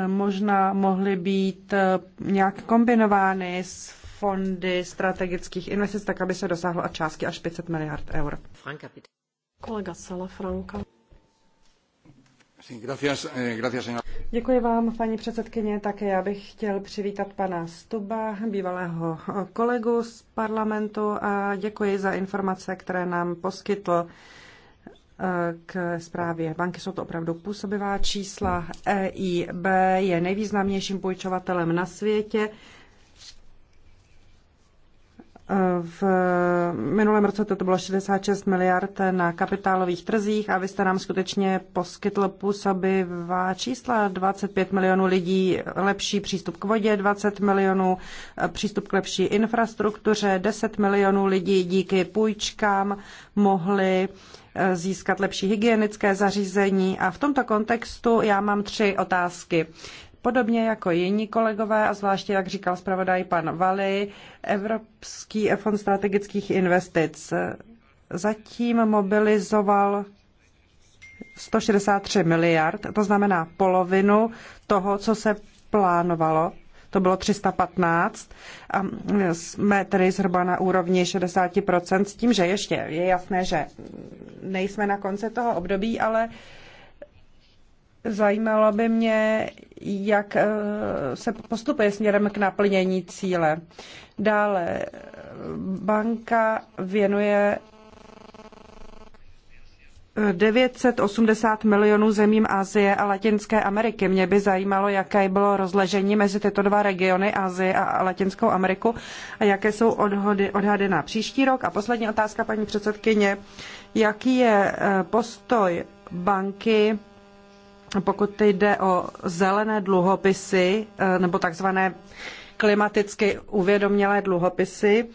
možná mohly být eh, nějak kombinovány s fondy strategických investic, tak aby se dosáhlo a částky až 500 miliard eur. Franka, bitte. Kolega Sala Franka. Eh, děkuji vám, paní předsedkyně. Také já bych chtěl přivítat pana Stuba, bývalého kolegu z parlamentu a děkuji za informace, které nám poskytl k zprávě banky. Jsou to opravdu působivá čísla. EIB je nejvýznamnějším půjčovatelem na světě. V minulém roce to bylo 66 miliard na kapitálových trzích a vy jste nám skutečně poskytl působivá čísla 25 milionů lidí, lepší přístup k vodě, 20 milionů přístup k lepší infrastruktuře, 10 milionů lidí díky půjčkám mohli uh, získat lepší hygienické zařízení. A v tomto kontextu já mám tři otázky. Podobně jako jiní kolegové, a zvláště, jak říkal zpravodaj pan Vali, Evropský fond strategických investic zatím mobilizoval 163 miliard, to znamená polovinu toho, co se plánovalo to bylo 315 a jsme tedy zhruba na úrovni 60%, s tím, že ještě je jasné, že nejsme na konci toho období, ale zajímalo by mě, jak eh, se postupuje směrem k naplnění cíle. Dále banka věnuje 980 milionů zemím Asie a Latinské Ameriky. Mě by zajímalo, jaké bylo rozležení mezi tyto dva regiony, Asie a Latinskou Ameriku, a jaké jsou odhody, odhady na příští rok. A poslední otázka, paní předsedkyně, jaký je eh, postoj banky, pokud jde o zelené dluhopisy eh, nebo takzvané klimaticky uvědomělé dluhopisy,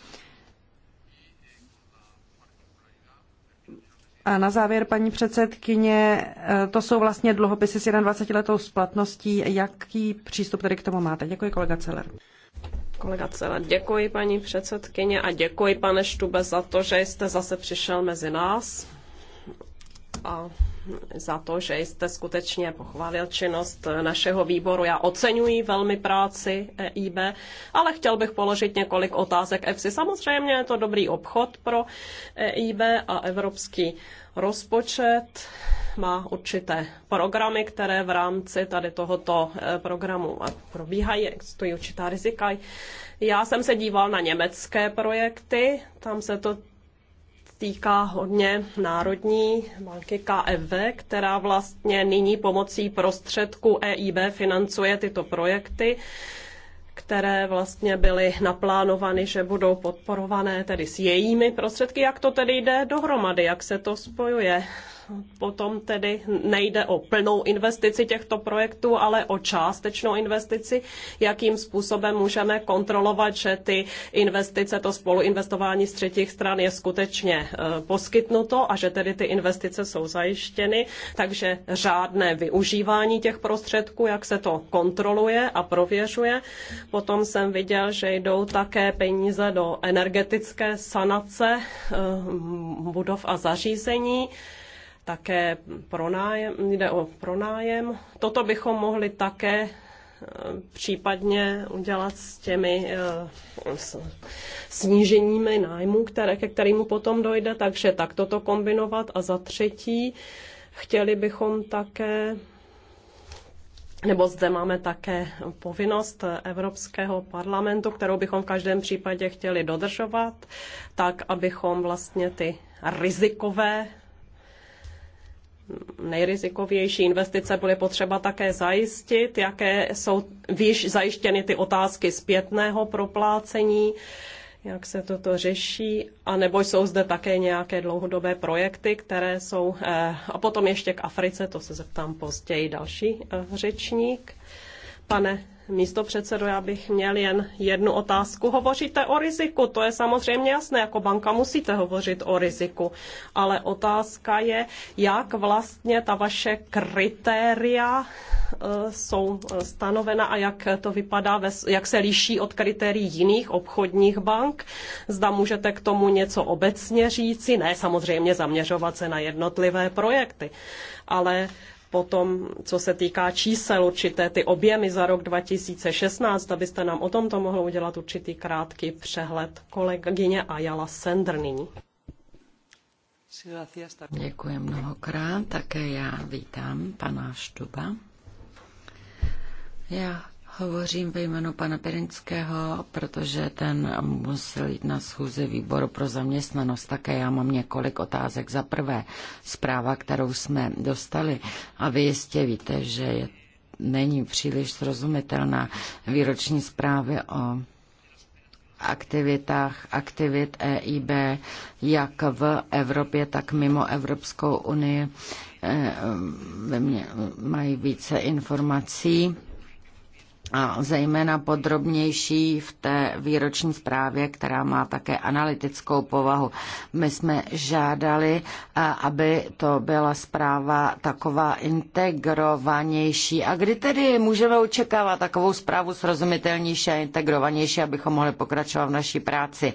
A na závěr, paní předsedkyně, eh, to jsou vlastně dluhopisy s 21 letou splatností. Jaký přístup tedy k tomu máte? Děkuji, kolega Celer. Kolega Celá. děkuji paní předsedkyně a děkuji pane Štube za to, že jste zase přišel mezi nás. A za to, že jste skutečně pochválil činnost našeho výboru. Já oceňuji velmi práci EIB, ale chtěl bych položit několik otázek EFSI. Samozřejmě je to dobrý obchod pro EIB a evropský rozpočet má určité programy, které v rámci tady tohoto eh, programu eh, probíhají, existují určitá rizika. Já jsem se díval na německé projekty, tam se to týká hodně Národní banky KFV, která vlastně nyní pomocí prostředku EIB financuje tyto projekty které vlastně byly naplánovány, že budou podporované tedy s jejími prostředky. Jak to tedy jde dohromady, jak se to spojuje? potom tedy nejde o plnou investici těchto projektů, ale o částečnou investici, jakým způsobem můžeme kontrolovat, že ty investice, to spoluinvestování z třetích stran je skutečně e, poskytnuto a že tedy ty investice jsou zajištěny, takže řádné využívání těch prostředků, jak se to kontroluje a prověřuje. Potom jsem viděl, že jdou také peníze do energetické sanace e, budov a zařízení také pronájem, jde o pronájem. Toto bychom mohli také eh, případně udělat s těmi eh, s sníženími nájmu, které, ke kterému potom dojde, takže tak toto kombinovat. A za třetí, chtěli bychom také nebo zde máme také povinnost Evropského parlamentu, kterou bychom v každém případě chtěli dodržovat, tak abychom vlastně ty rizikové nejrizikovější investice bude potřeba také zajistit, jaké jsou výš zajištěny ty otázky zpětného proplácení, jak se toto řeší, a nebo jsou zde také nějaké dlouhodobé projekty, které jsou, eh, a potom ještě k Africe, to se zeptám později další eh, řečník. Pane místo já bych měl jen jednu otázku. Hovoříte o riziku, to je samozřejmě jasné, jako banka musíte hovořit o riziku, ale otázka je, jak vlastně ta vaše kritéria eh, jsou eh, stanovena a jak to vypadá, jak se liší od kritérií jiných obchodních bank. Zda můžete k tomu něco obecně říci, ne samozřejmě zaměřovat se na jednotlivé projekty, ale potom, co se týká čísel určité, ty objemy za rok 2016, abyste nám o tomto mohlo udělat určitý krátký přehled kolegyně Ajala Sender nyní. Děkuji mnohokrát, také já vítám pana Štuba. Já Hovořím ve jménu pana Perinského, protože ten musel jít na schůzi výboru pro zaměstnanost. Také já mám několik otázek. Za prvé, zpráva, kterou jsme dostali, a vy jistě víte, že je, není příliš srozumitelná výroční zprávy o aktivitách, aktivit EIB, jak v Evropě, tak mimo Evropskou unii. Eh, mají více informací a zejména podrobnější v té výroční zprávě, která má také analytickou povahu. My jsme žádali, aby to byla zpráva taková integrovanější. A kdy tedy můžeme očekávat takovou zprávu srozumitelnější a integrovanější, abychom mohli pokračovat v naší práci?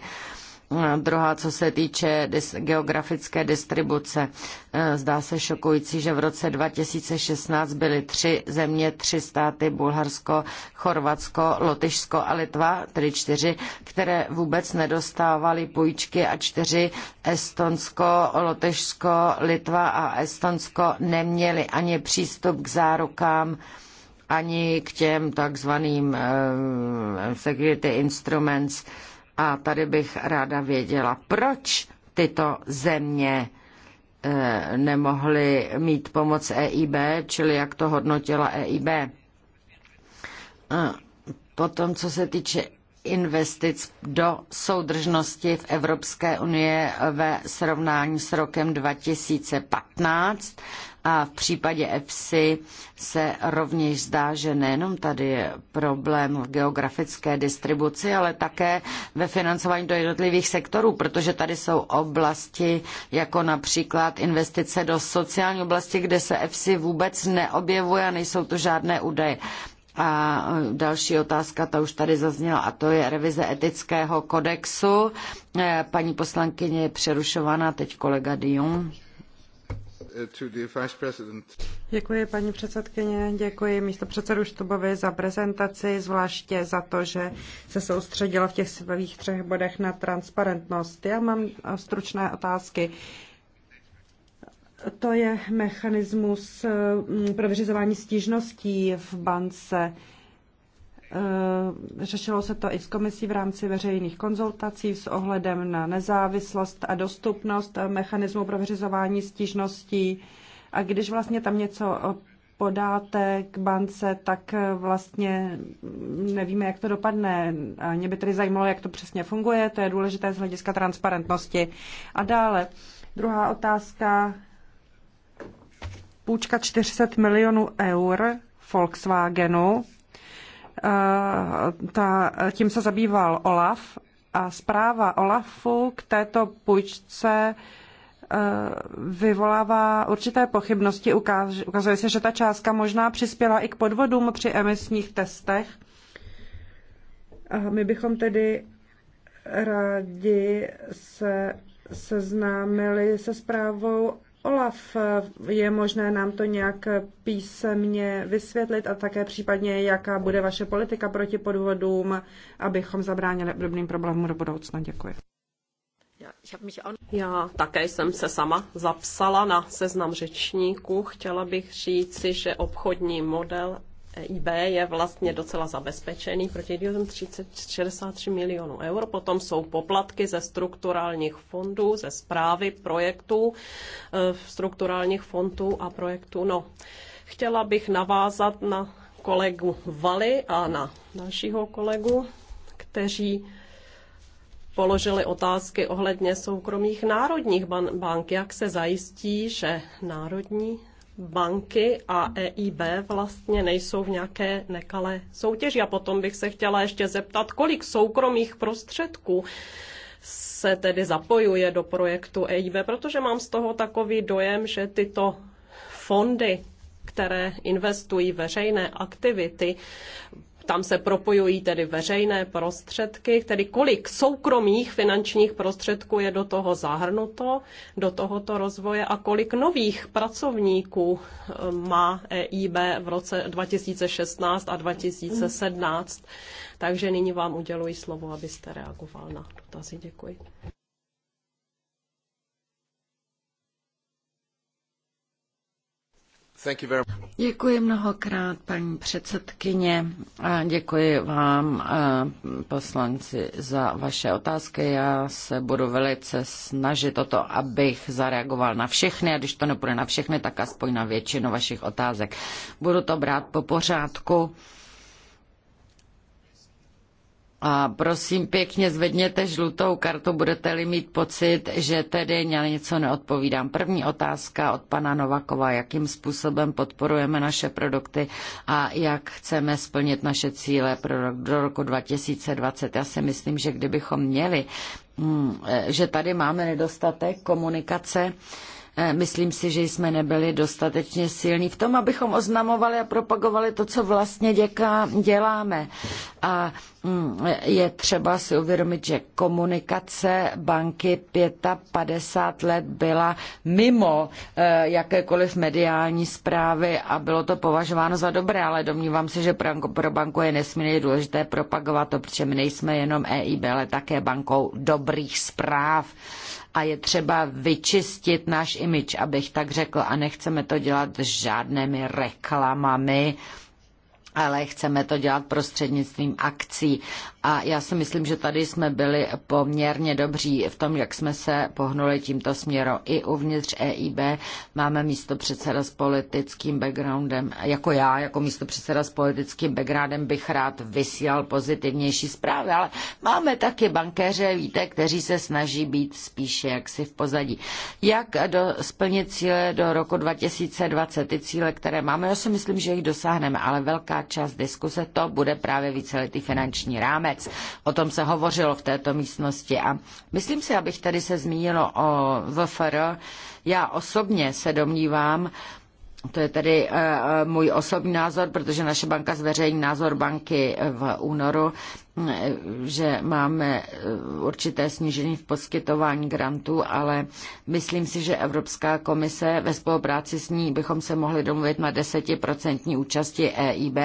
Druhá, co se týče geografické distribuce. E, zdá se šokující, že v roce 2016 byly tři země, tři státy, Bulharsko, Chorvatsko, Lotyšsko a Litva, tedy čtyři, které vůbec nedostávaly půjčky a čtyři, Estonsko, Lotyšsko, Litva a Estonsko neměly ani přístup k zárukám ani k těm takzvaným uh, security instruments, uh, a tady bych ráda věděla, proč tyto země eh, nemohly mít pomoc EIB, čili jak to hodnotila EIB. A eh, potom, co se týče investic do soudržnosti v Evropské unie ve srovnání s rokem 2015. A v případě EPSI se rovněž zdá, že nejenom tady je problém v geografické distribuci, ale také ve financování do jednotlivých sektorů, protože tady jsou oblasti jako například investice do sociální oblasti, kde se EPSI vůbec neobjevuje a nejsou to žádné údaje. A další otázka, ta už tady zazněla, a to je revize etického kodexu. Eh, paní poslankyně je přerušována, teď kolega Dion. Děkuji paní předsedkyně, děkuji místo předsedu Štubovi za prezentaci, zvláště za to, že se soustředila v těch svých třech bodech na transparentnost. Já mám stručné otázky. To je mechanismus mm, pro vyřizování stížností v bance. Eh, řešilo se to i s komisí v rámci veřejných konzultací s ohledem na nezávislost a dostupnost mechanismu pro vyřizování stížností. A když vlastně tam něco eh, podáte k bance, tak eh, vlastně nevíme, jak to dopadne. A mě by tedy zajímalo, jak to přesně funguje. To je důležité z hlediska transparentnosti. A dále, druhá otázka. Půjčka 400 milionů eur Volkswagenu Eh, ta, tím se zabýval Olaf a zpráva Olafu k této půjčce eh, vyvolává určité pochybnosti. Ukazuje se, že ta částka možná přispěla i k podvodům při emisních testech. A my bychom tedy rádi se seznámili se zprávou OLAF, eh, je možné nám to nějak písemně vysvětlit a také případně, jaká bude vaše politika proti podvodům, abychom zabránili obdobným problémům do budoucna. Děkuji. Já také jsem se sama zapsala na seznam řečníků. Chtěla bych říci, že obchodní model E IB je vlastně docela zabezpečený proti 63 milionů eur. Potom jsou poplatky ze strukturálních fondů, ze zprávy projektů, e, strukturálních fondů a projektů. No, chtěla bych navázat na kolegu Vali a na dalšího kolegu, kteří položili otázky ohledně soukromých národních bank, jak se zajistí, že národní banky a EIB vlastně nejsou v nějaké nekalé soutěži. A potom bych se chtěla ještě zeptat, kolik soukromých prostředků se tedy zapojuje do projektu EIB, protože mám z toho takový dojem, že tyto fondy, které investují veřejné aktivity, tam se propojují tedy veřejné prostředky, tedy kolik soukromých finančních prostředků je do toho zahrnuto, do tohoto rozvoje a kolik nových pracovníků eh, má EIB v roce 2016 a 2017. Takže nyní vám uděluji slovo, abyste reagoval na dotazy. Děkuji. Děkuji mnohokrát, paní předsedkyně. A děkuji vám, poslanci, za vaše otázky. Já se budu velice snažit o to, abych zareagoval na všechny a když to nepůjde na všechny, tak aspoň na většinu vašich otázek. Budu to brát po pořádku. A prosím pěkně, zvedněte žlutou kartu, budete-li mít pocit, že tedy já něco neodpovídám. První otázka od pana Novakova, jakým způsobem podporujeme naše produkty a jak chceme splnit naše cíle pro rok, do roku 2020. Já si myslím, že kdybychom měli, mm, eh, že tady máme nedostatek komunikace, eh, Myslím si, že jsme nebyli dostatečně silní v tom, abychom oznamovali a propagovali to, co vlastně děká, děláme. A Mm, je třeba si uvědomit, že komunikace banky 55 let byla mimo eh, jakékoliv mediální zprávy a bylo to považováno za dobré, ale domnívám se, že pro banku je nesmírně důležité propagovat to, protože my nejsme jenom EIB, ale také bankou dobrých zpráv a je třeba vyčistit náš imič, abych tak řekl, a nechceme to dělat žádnými reklamami, ale chceme to dělat prostřednictvím akcí a já si myslím, že tady jsme byli poměrně dobří v tom, jak jsme se pohnuli tímto směrem. I uvnitř EIB máme místo předseda s politickým backgroundem. Jako já, jako místo předseda s politickým backgroundem bych rád vysílal pozitivnější zprávy, ale máme taky bankéře, víte, kteří se snaží být spíše jaksi v pozadí. Jak do, splnit cíle do roku 2020, ty cíle, které máme, já si myslím, že jich dosáhneme, ale velká část diskuse to bude právě víceletý finanční rámec vůbec. O tom se hovořilo v této místnosti. A myslím si, abych tady se zmínilo o VFR. Já osobně se domnívám, to je tedy eh, eh, můj osobní názor, protože naše banka zveřejní názor banky v únoru že máme eh, určité snížení v poskytování grantů, ale myslím si, že Evropská komise ve spolupráci s ní bychom se mohli domluvit na desetiprocentní účasti EIB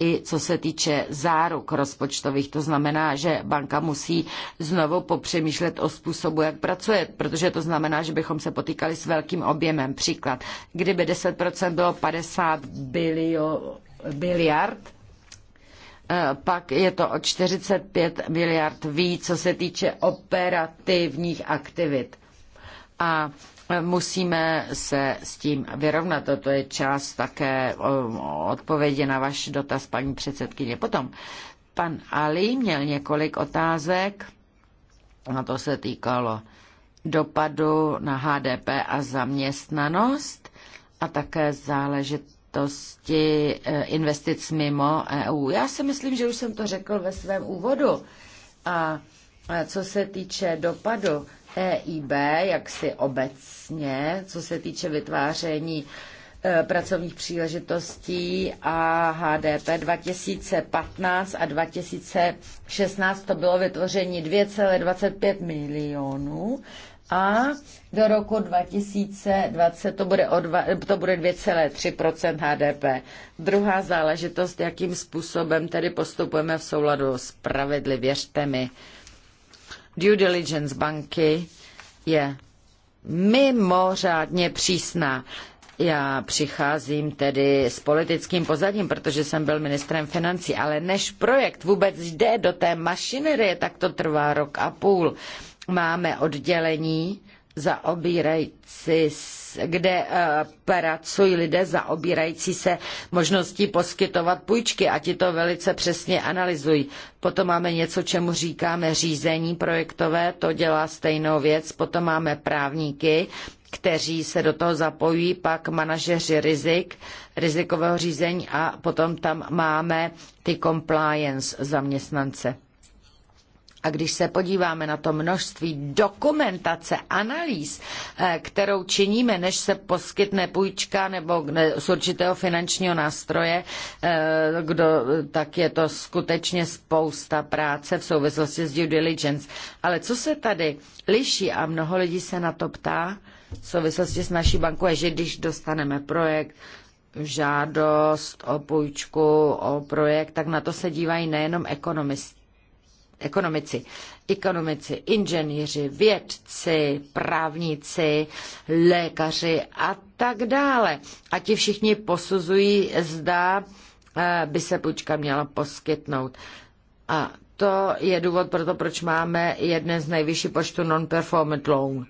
i co se týče záruk rozpočtových. To znamená, že banka musí znovu popřemýšlet o způsobu, jak pracuje, protože to znamená, že bychom se potýkali s velkým objemem. Příklad, kdyby 10% bylo 50 bilio, biliard, Eh, pak je to o 45 miliard víc, co se týče operativních aktivit. A eh, musíme se s tím vyrovnat. Toto je část také eh, odpovědi na váš dotaz, paní předsedkyně. Potom pan Ali měl několik otázek. Na to se týkalo dopadu na HDP a zaměstnanost a také záležit záležitosti eh, investic mimo EU. Já si myslím, že už jsem to řekl ve svém úvodu. A eh, co se týče dopadu EIB, jak si obecně, co se týče vytváření eh, pracovních příležitostí a HDP 2015 a 2016 to bylo vytvoření 2,25 milionů a do roku 2020 to bude, o dva, to bude 2,3 HDP. Druhá záležitost, jakým způsobem tedy postupujeme v souladu s pravidly, věřte mi. Due diligence banky je mimořádně přísná. Já přicházím tedy s politickým pozadím, protože jsem byl ministrem financí, ale než projekt vůbec jde do té mašinerie, tak to trvá rok a půl. Máme oddělení, zaobírající, kde eh, pracují lidé zaobírající se možností poskytovat půjčky a ti to velice přesně analyzují. Potom máme něco, čemu říkáme řízení projektové, to dělá stejnou věc. Potom máme právníky, kteří se do toho zapojí, pak manažeři rizik, rizikového řízení a potom tam máme ty compliance zaměstnance. A když se podíváme na to množství dokumentace, analýz, eh, kterou činíme, než se poskytne půjčka nebo z určitého finančního nástroje, eh, kdo, tak je to skutečně spousta práce v souvislosti s due diligence. Ale co se tady liší a mnoho lidí se na to ptá v souvislosti s naší bankou, je, že když dostaneme projekt, žádost o půjčku, o projekt, tak na to se dívají nejenom ekonomisté ekonomici. Ekonomici, inženýři, vědci, právníci, lékaři a tak dále. A ti všichni posuzují, zda eh, by se půjčka měla poskytnout. A to je důvod pro to, proč máme jeden z nejvyšší počtu non-performant loan.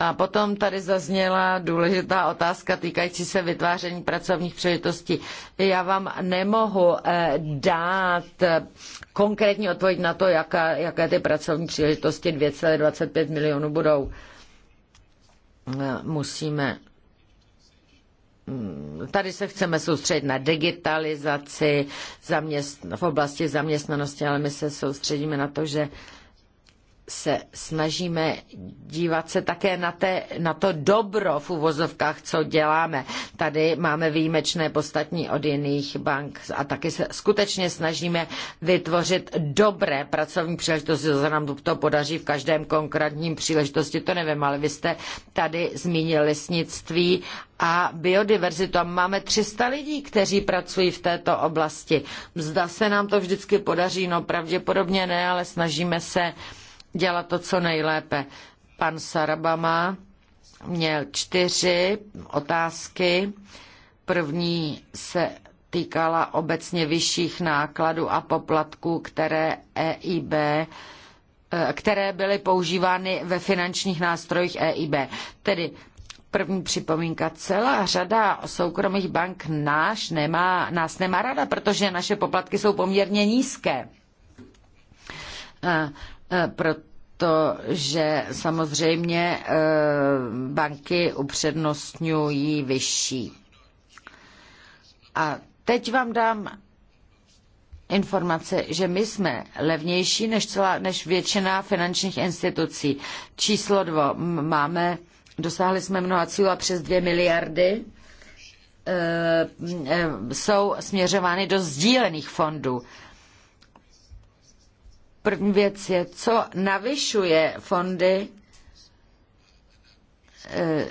A potom tady zazněla důležitá otázka týkající se vytváření pracovních příležitostí. Já vám nemohu eh, dát eh, konkrétní odpověď na to, jaká, jaké ty pracovní příležitosti 2,25 milionů budou. Eh, musíme mm, tady se chceme soustředit na digitalizaci v oblasti zaměstnanosti, ale my se soustředíme na to, že se snažíme dívat se také na, té, na to dobro v uvozovkách, co děláme. Tady máme výjimečné postatní od jiných bank a taky se skutečně snažíme vytvořit dobré pracovní příležitosti. To nám to podaří v každém konkrétním příležitosti, to nevím, ale vy jste tady zmínil lesnictví a biodiverzitu. A máme 300 lidí, kteří pracují v této oblasti. Zda se nám to vždycky podaří, no pravděpodobně ne, ale snažíme se uh, dělat to, co nejlépe. Pan Sarabama měl čtyři otázky. První se týkala obecně vyšších nákladů a poplatků, které EIB eh, které byly používány ve finančních nástrojích EIB. Tedy první připomínka, celá řada soukromých bank náš nemá, nás nemá rada, protože naše poplatky jsou poměrně nízké. Eh, Eh, protože samozřejmě eh, banky upřednostňují vyšší. A teď vám dám informace, že my jsme levnější než, celá, než většina finančních institucí. Číslo dvo máme, dosáhli jsme mnoha cílů a přes dvě miliardy e, e, jsou směřovány do sdílených fondů. První věc je, co navyšuje fondy, eh,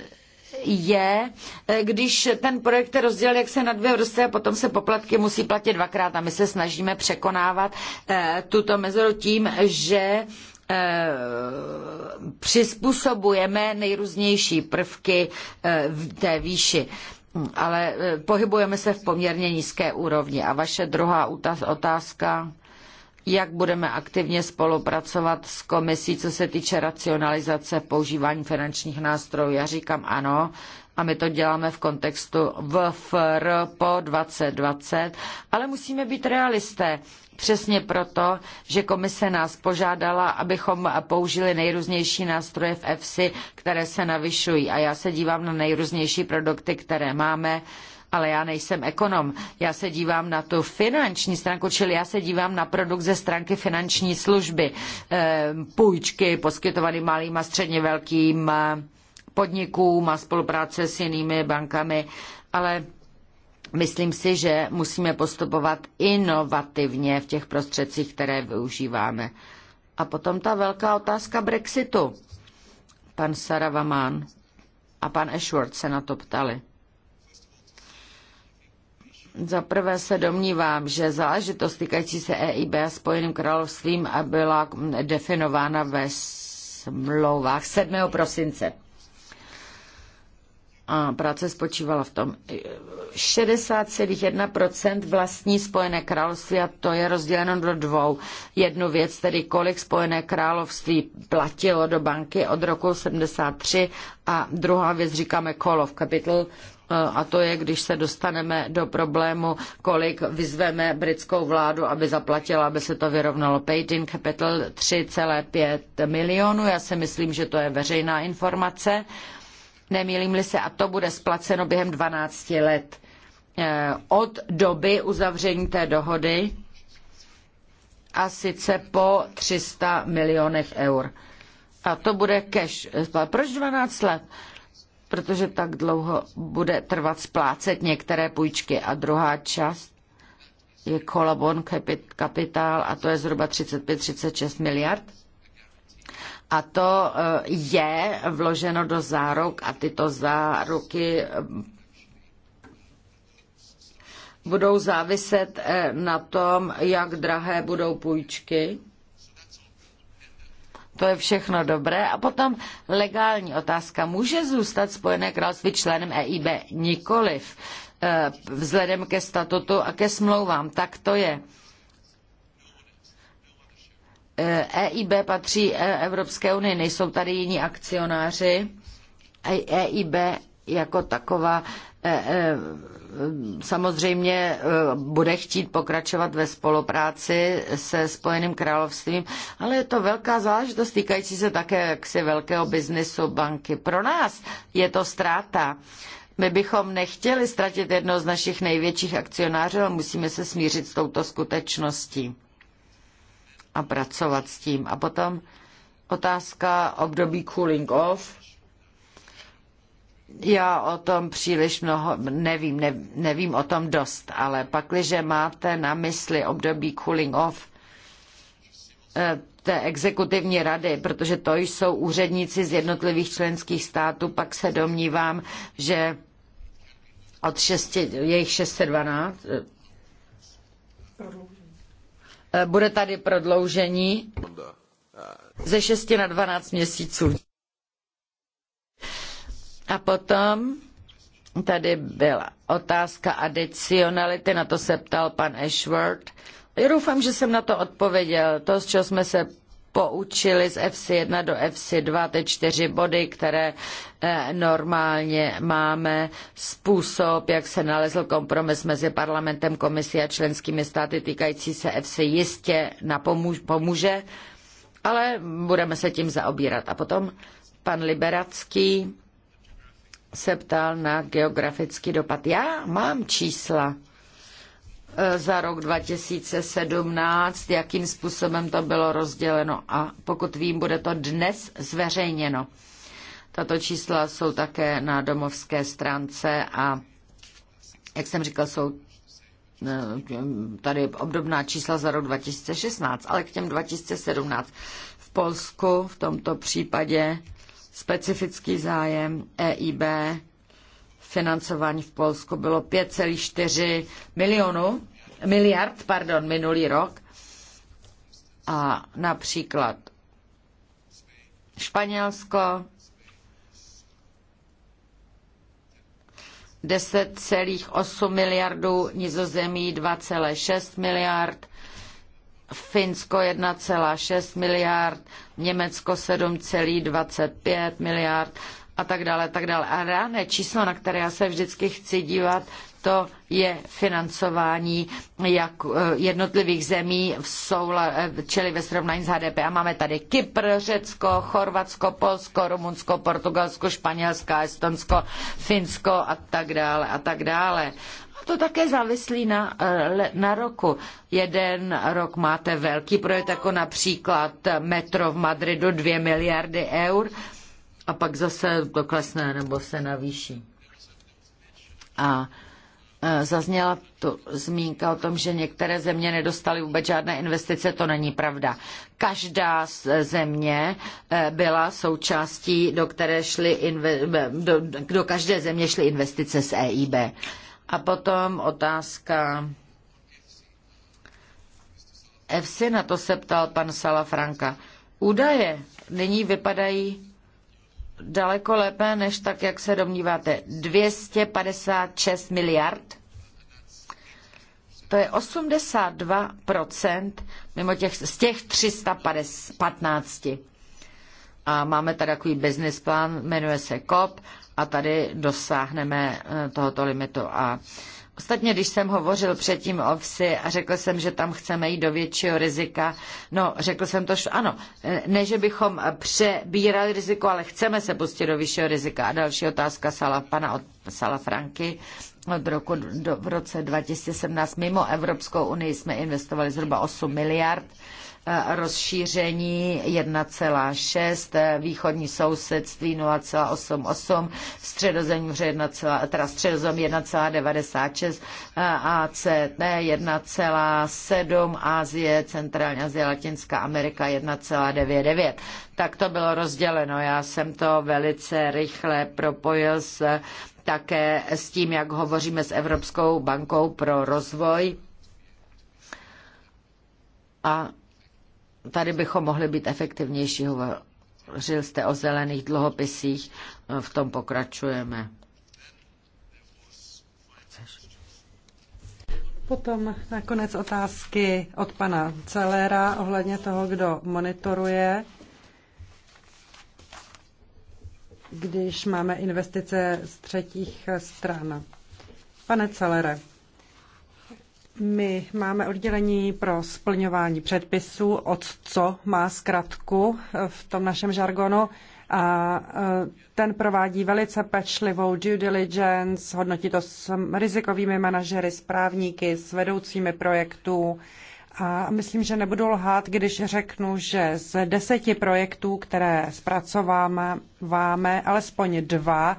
je, eh, když ten projekt je rozdělen, jak se na dvě vrstvy a potom se poplatky musí platit dvakrát a my se snažíme překonávat eh, tuto mezeru tím, že přizpůsobujeme nejrůznější prvky v té výši ale pohybujeme se v poměrně nízké úrovni. A vaše druhá otázka? jak budeme aktivně spolupracovat s komisí, co se týče racionalizace používání finančních nástrojů. Já říkám ano, a my to děláme v kontextu VFR po 2020, ale musíme být realisté. Přesně proto, že komise nás požádala, abychom použili nejrůznější nástroje v EFSI, které se navyšují. A já se dívám na nejrůznější produkty, které máme ale já nejsem ekonom. Já se dívám na tu finanční stránku, čili já se dívám na produkt ze stránky finanční služby. Ehm, půjčky poskytované malým a středně velkým eh, podnikům a spolupráce s jinými bankami, ale myslím si, že musíme postupovat inovativně v těch prostředcích, které využíváme. A potom ta velká otázka Brexitu. Pan Saravamán a pan Ashworth se na to ptali. Za prvé se domnívám, že záležitost týkající se EIB a Spojeným královstvím byla definována ve smlouvách 7. prosince. A práce spočívala v tom, 60,1% vlastní Spojené království a to je rozděleno do dvou. Jednu věc, tedy kolik Spojené království platilo do banky od roku 73 a druhá věc říkáme call of capital, E, a to je, když se dostaneme do problému, kolik vyzveme britskou vládu, aby zaplatila, aby se to vyrovnalo. Paid in capital 3,5 milionů, já si myslím, že to je veřejná informace, nemýlím-li se, a to bude splaceno během 12 let e, od doby uzavření té dohody a sice po 300 milionech eur. A to bude cash. E, proč 12 let? protože tak dlouho bude trvat splácet některé půjčky. A druhá část je kolabon kapitál a to je zhruba 35-36 miliard. A to eh, je vloženo do záruk a tyto záruky eh, budou záviset eh, na tom, jak drahé budou půjčky to je všechno dobré. A potom legální otázka. Může zůstat Spojené království členem EIB? Nikoliv. E, vzhledem ke statutu a ke smlouvám. Tak to je. EIB e patří e, Evropské unii, nejsou tady jiní akcionáři. EIB jako taková Eh, eh, samozřejmě eh, bude chtít pokračovat ve spolupráci se Spojeným královstvím, ale je to velká záležitost týkající se také jaksi velkého biznesu banky. Pro nás je to ztráta. My bychom nechtěli ztratit jedno z našich největších akcionářů, ale musíme se smířit s touto skutečností a pracovat s tím. A potom otázka období cooling off já o tom příliš mnoho nevím, ne, nevím o tom dost, ale pakliže máte na mysli období cooling off eh, té exekutivní rady, protože to jsou úředníci z jednotlivých členských států, pak se domnívám, že od 6, jejich 612 bude tady prodloužení ze 6 na 12 měsíců. A potom tady byla otázka adicionality, na to se ptal pan Ashworth. Já doufám, že jsem na to odpověděl. To, z čeho jsme se poučili z FC1 do FC2, ty čtyři body, které eh, normálně máme, způsob, jak se nalezl kompromis mezi parlamentem, komisí a členskými státy týkající se FC, jistě napomůže, pomůže, ale budeme se tím zaobírat. A potom pan Liberacký se ptal na geografický dopad. Já mám čísla e, za rok 2017, jakým způsobem to bylo rozděleno a pokud vím, bude to dnes zveřejněno. Tato čísla jsou také na domovské stránce a, jak jsem říkal, jsou e, tady obdobná čísla za rok 2016, ale k těm 2017. V Polsku v tomto případě specifický zájem EIB financování v Polsku bylo 5,4 milionu, miliard pardon, minulý rok. A například Španělsko 10,8 miliardů, Nizozemí 2,6 miliard, Finsko 1,6 miliard, Německo 7,25 miliard, a tak dále, tak dále. A reálné číslo, na které já se vždycky chci dívat, to je financování jak eh, jednotlivých zemí v soula, eh, čili ve srovnání s HDP. A máme tady Kypr, Řecko, Chorvatsko, Polsko, Rumunsko, Portugalsko, Španělsko, Estonsko, Finsko a tak dále a tak dále. A to také závislí na, eh, na roku. Jeden rok máte velký projekt, jako například metro v Madridu 2 miliardy eur, a pak zase to klesne nebo se navýší. A e, Zazněla tu zmínka o tom, že některé země nedostaly vůbec žádné investice, to není pravda. Každá země e, byla součástí, do které šly, e, do, do každé země šly investice z EIB. A potom otázka EFSI, na to se ptal pan Salafranka. Údaje nyní vypadají daleko lépe než tak, jak se domníváte. 256 miliard. To je 82% mimo těch, z těch 315. A máme tady takový business plán, jmenuje se COP a tady dosáhneme eh, tohoto limitu. A Ostatně, když jsem hovořil předtím o vsi a řekl jsem, že tam chceme jít do většího rizika, no řekl jsem to, ano, e, ne, že bychom přebírali riziko, ale chceme se pustit do vyššího rizika. A další otázka Sala, pana od Franky, Od roku do, v roce 2017 mimo Evropskou unii jsme investovali zhruba 8 miliard. Eh, rozšíření 1,6, eh, východní sousedství 0,88, středozemí moře 1, teda 1,96, ACT 1,7, Asie, centrální Asie, Latinská Amerika 1,99. Tak to bylo rozděleno. Já jsem to velice rychle propojil s eh, také s tím, jak hovoříme s Evropskou bankou pro rozvoj. A tady bychom mohli být efektivnější. Hovořil jste o zelených dluhopisích, v tom pokračujeme. Potom nakonec otázky od pana Celera ohledně toho, kdo monitoruje, když máme investice z třetích stran. Pane Celere, my máme oddělení pro splňování předpisů, od co má zkratku v tom našem žargonu. A e, ten provádí velice pečlivou due diligence, hodnotí to s rizikovými manažery, s právníky, s vedoucími projektů. A myslím, že nebudu lhát, když řeknu, že z deseti projektů, které zpracováváme, alespoň dva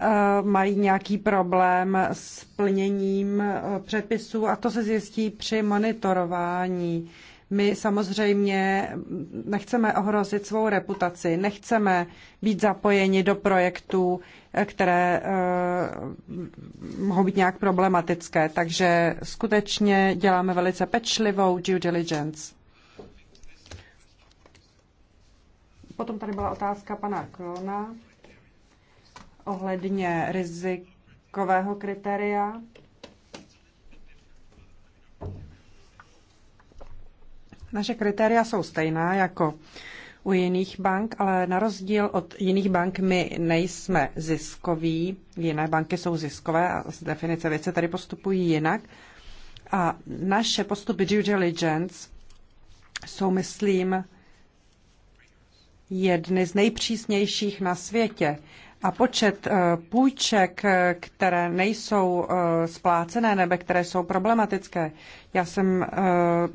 Eh, mají nějaký problém s plněním eh, předpisů a to se zjistí při monitorování. My samozřejmě nechceme ohrozit svou reputaci, nechceme být zapojeni do projektů, eh, které mohou být nějak problematické, takže skutečně děláme velice pečlivou due diligence. Potom tady byla otázka pana Krona ohledně rizikového kritéria. Naše kritéria jsou stejná jako u jiných bank, ale na rozdíl od jiných bank my nejsme ziskoví. Jiné banky jsou ziskové a z definice věci tady postupují jinak. A naše postupy due diligence jsou, myslím, jedny z nejpřísnějších na světě a počet eh, půjček, eh, které nejsou eh, splácené nebo které jsou problematické, já jsem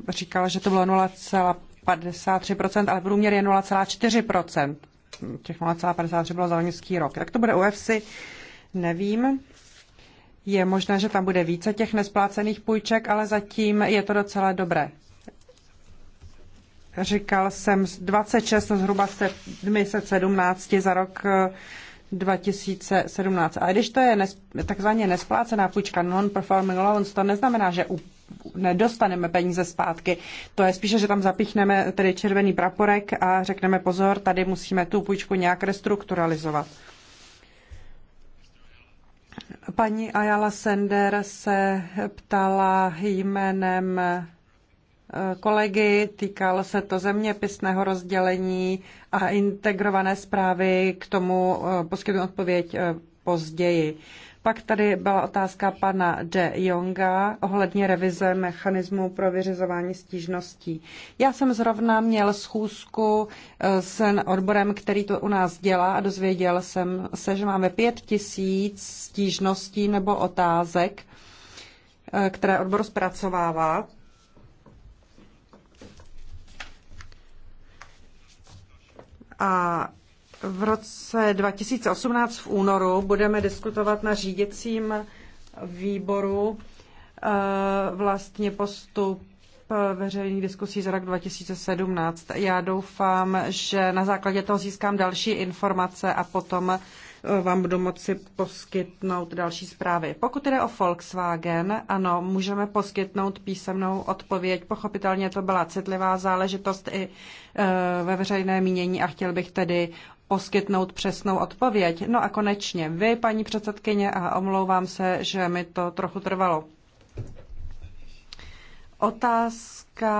říkala, že to bylo 0,53%, ale průměr je 0,4%. Těch 0,53 bylo za loňský rok. Jak to bude u EFSI, nevím. Je možné, že tam bude více těch nesplácených půjček, ale zatím je to docela dobré. Říkal jsem 26 zhruba 7 se 17 za rok 2017. A když to je nes, takzvaně nesplácená půjčka non-performing loans, to neznamená, že u, nedostaneme peníze zpátky. To je spíše, že tam zapíchneme tedy červený praporek a řekneme pozor, tady musíme tu půjčku nějak restrukturalizovat. Paní Ayala Sender se ptala jménem kolegy, týkal se to zeměpisného rozdělení a integrované zprávy, k tomu eh, poskytnu odpověď eh, později. Pak tady byla otázka pana De Jonga ohledně revize mechanismu pro vyřizování stížností. Já jsem zrovna měl schůzku eh, s odborem, který to u nás dělá a dozvěděl jsem se, že máme pět tisíc stížností nebo otázek, které odbor zpracovává A v roce 2018 v únoru budeme diskutovat na řídicím výboru eh, vlastně postup eh, veřejných diskusí za rok 2017. Já doufám, že na základě toho získám další informace a potom vám budu moci poskytnout další zprávy. Pokud jde o Volkswagen, ano, můžeme poskytnout písemnou odpověď. Pochopitelně to byla citlivá záležitost i e, ve veřejné mínění a chtěl bych tedy poskytnout přesnou odpověď. No a konečně vy, paní předsedkyně, a omlouvám se, že mi to trochu trvalo. Otázka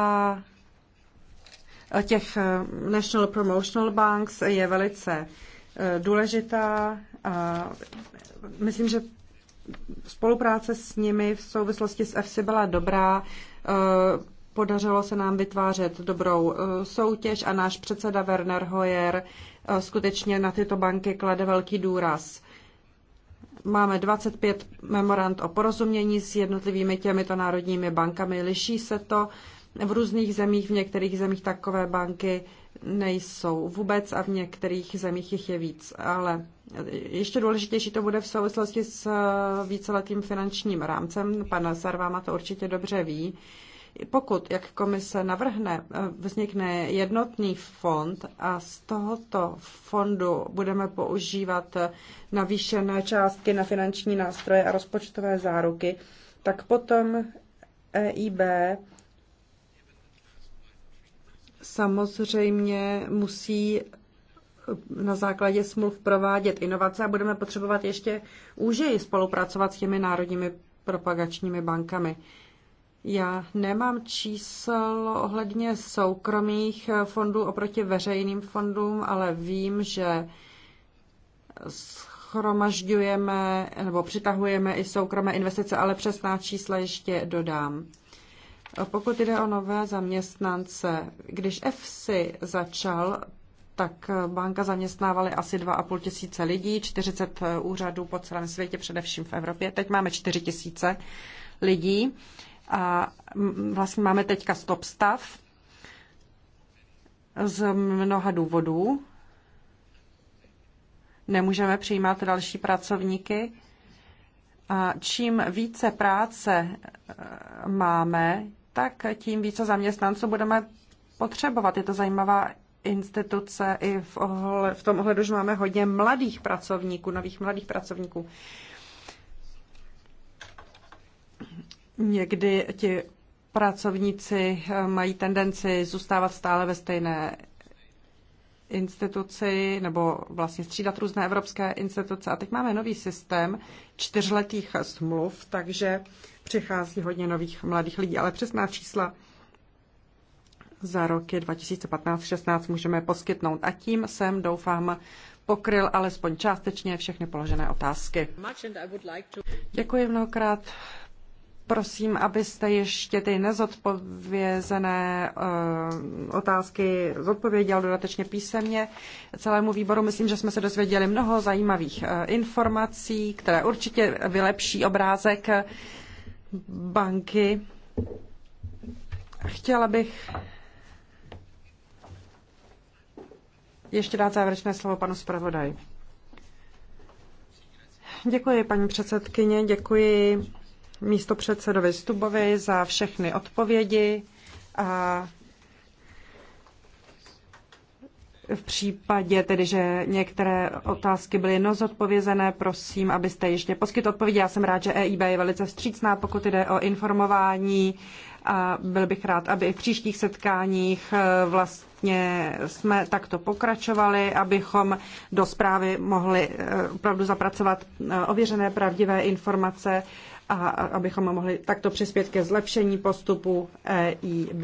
těch e, National Promotional Banks je velice Eh, důležitá a myslím, že spolupráce s nimi v souvislosti s FC byla dobrá. Eh, podařilo se nám vytvářet dobrou eh, soutěž a náš předseda Werner Hoyer skutečně na tyto banky klade velký důraz. Máme 25 memorand o porozumění s jednotlivými těmito národními bankami. Liší se to v různých zemích, v některých zemích takové banky nejsou vůbec a v některých zemích jich je víc. Ale ještě důležitější to bude v souvislosti s eh, víceletým finančním rámcem. Pan Sarváma to určitě dobře ví. Pokud, jak komise navrhne, eh, vznikne jednotný fond a z tohoto fondu budeme používat eh, navýšené částky na finanční nástroje a rozpočtové záruky, tak potom EIB samozřejmě musí na základě smluv provádět inovace a budeme potřebovat ještě úžeji spolupracovat s těmi národními propagačními bankami. Já nemám čísel ohledně soukromých fondů oproti veřejným fondům, ale vím, že schromažďujeme nebo přitahujeme i soukromé investice, ale přesná čísla ještě dodám. Pokud jde o nové zaměstnance, když EFSI začal, tak banka zaměstnávaly asi 2,5 tisíce lidí, 40 úřadů po celém světě, především v Evropě. Teď máme 4 tisíce lidí a vlastně máme teďka stop stav z mnoha důvodů. Nemůžeme přijímat další pracovníky. A čím více práce e, máme, tak tím více zaměstnanců budeme potřebovat. Je to zajímavá instituce i v, ohle, v tom ohledu, že máme hodně mladých pracovníků, nových mladých pracovníků. Někdy ti pracovníci eh, mají tendenci zůstávat stále ve stejné instituci nebo vlastně střídat různé evropské instituce. A teď máme nový systém čtyřletých smluv, takže přichází hodně nových mladých lidí, ale přesná čísla za roky 2015-16 můžeme poskytnout. A tím jsem, doufám, pokryl alespoň částečně všechny položené otázky. Děkuji mnohokrát. Prosím, abyste ještě ty nezodpovězené uh, otázky zodpověděl dodatečně písemně celému výboru. Myslím, že jsme se dozvěděli mnoho zajímavých uh, informací, které určitě vylepší obrázek uh, banky. Chtěla bych ještě dát závěrečné slovo panu zpravodaji. Děkuji, paní předsedkyně, děkuji místo předsedovi Stubovi za všechny odpovědi a v případě tedy, že některé otázky byly zodpovězené, prosím, abyste ještě poskytl odpovědi. Já jsem rád, že EIB je velice vstřícná, pokud jde o informování a byl bych rád, aby i v příštích setkáních eh, vlastně jsme takto pokračovali, abychom do zprávy mohli eh, opravdu zapracovat eh, ověřené pravdivé informace a abychom mohli takto přispět ke zlepšení postupu EIB.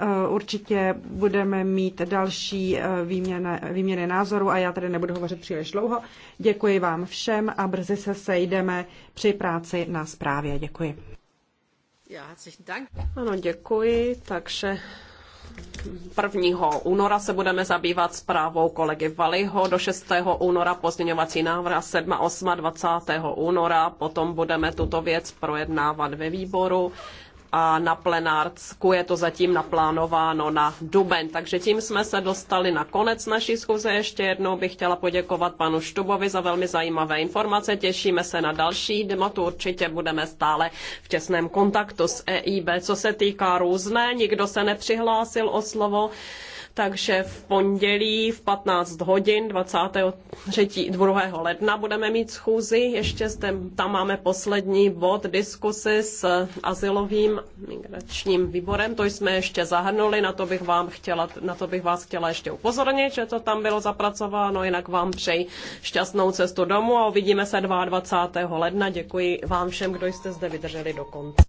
Eh, určitě budeme mít další eh, výměny, výměny názoru a já tady nebudu hovořit příliš dlouho. Děkuji vám všem a brzy se sejdeme při práci na zprávě. Děkuji. Ano, děkuji. Takže 1. února se budeme zabývat zprávou kolegy Valiho, do 6. února pozměňovací návrh, 7. 8. 20. února potom budeme tuto věc projednávat ve výboru a na plenárcku je to zatím naplánováno na duben. Takže tím jsme se dostali na konec naší schůze. Ještě jednou bych chtěla poděkovat panu Štubovi za velmi zajímavé informace. Těšíme se na další debatu. Určitě budeme stále v těsném kontaktu s EIB. Co se týká různé, nikdo se nepřihlásil o slovo takže v pondělí v 15 hodin 23. 2. ledna budeme mít schůzi. Ještě zde, tam máme poslední bod diskusy s asilovým migračním výborem. To jsme ještě zahrnuli, na to bych, vám chtěla, na to bych vás chtěla ještě upozornit, že to tam bylo zapracováno. Jinak vám přeji šťastnou cestu domů a uvidíme se 22. ledna. Děkuji vám všem, kdo jste zde vydrželi do konce.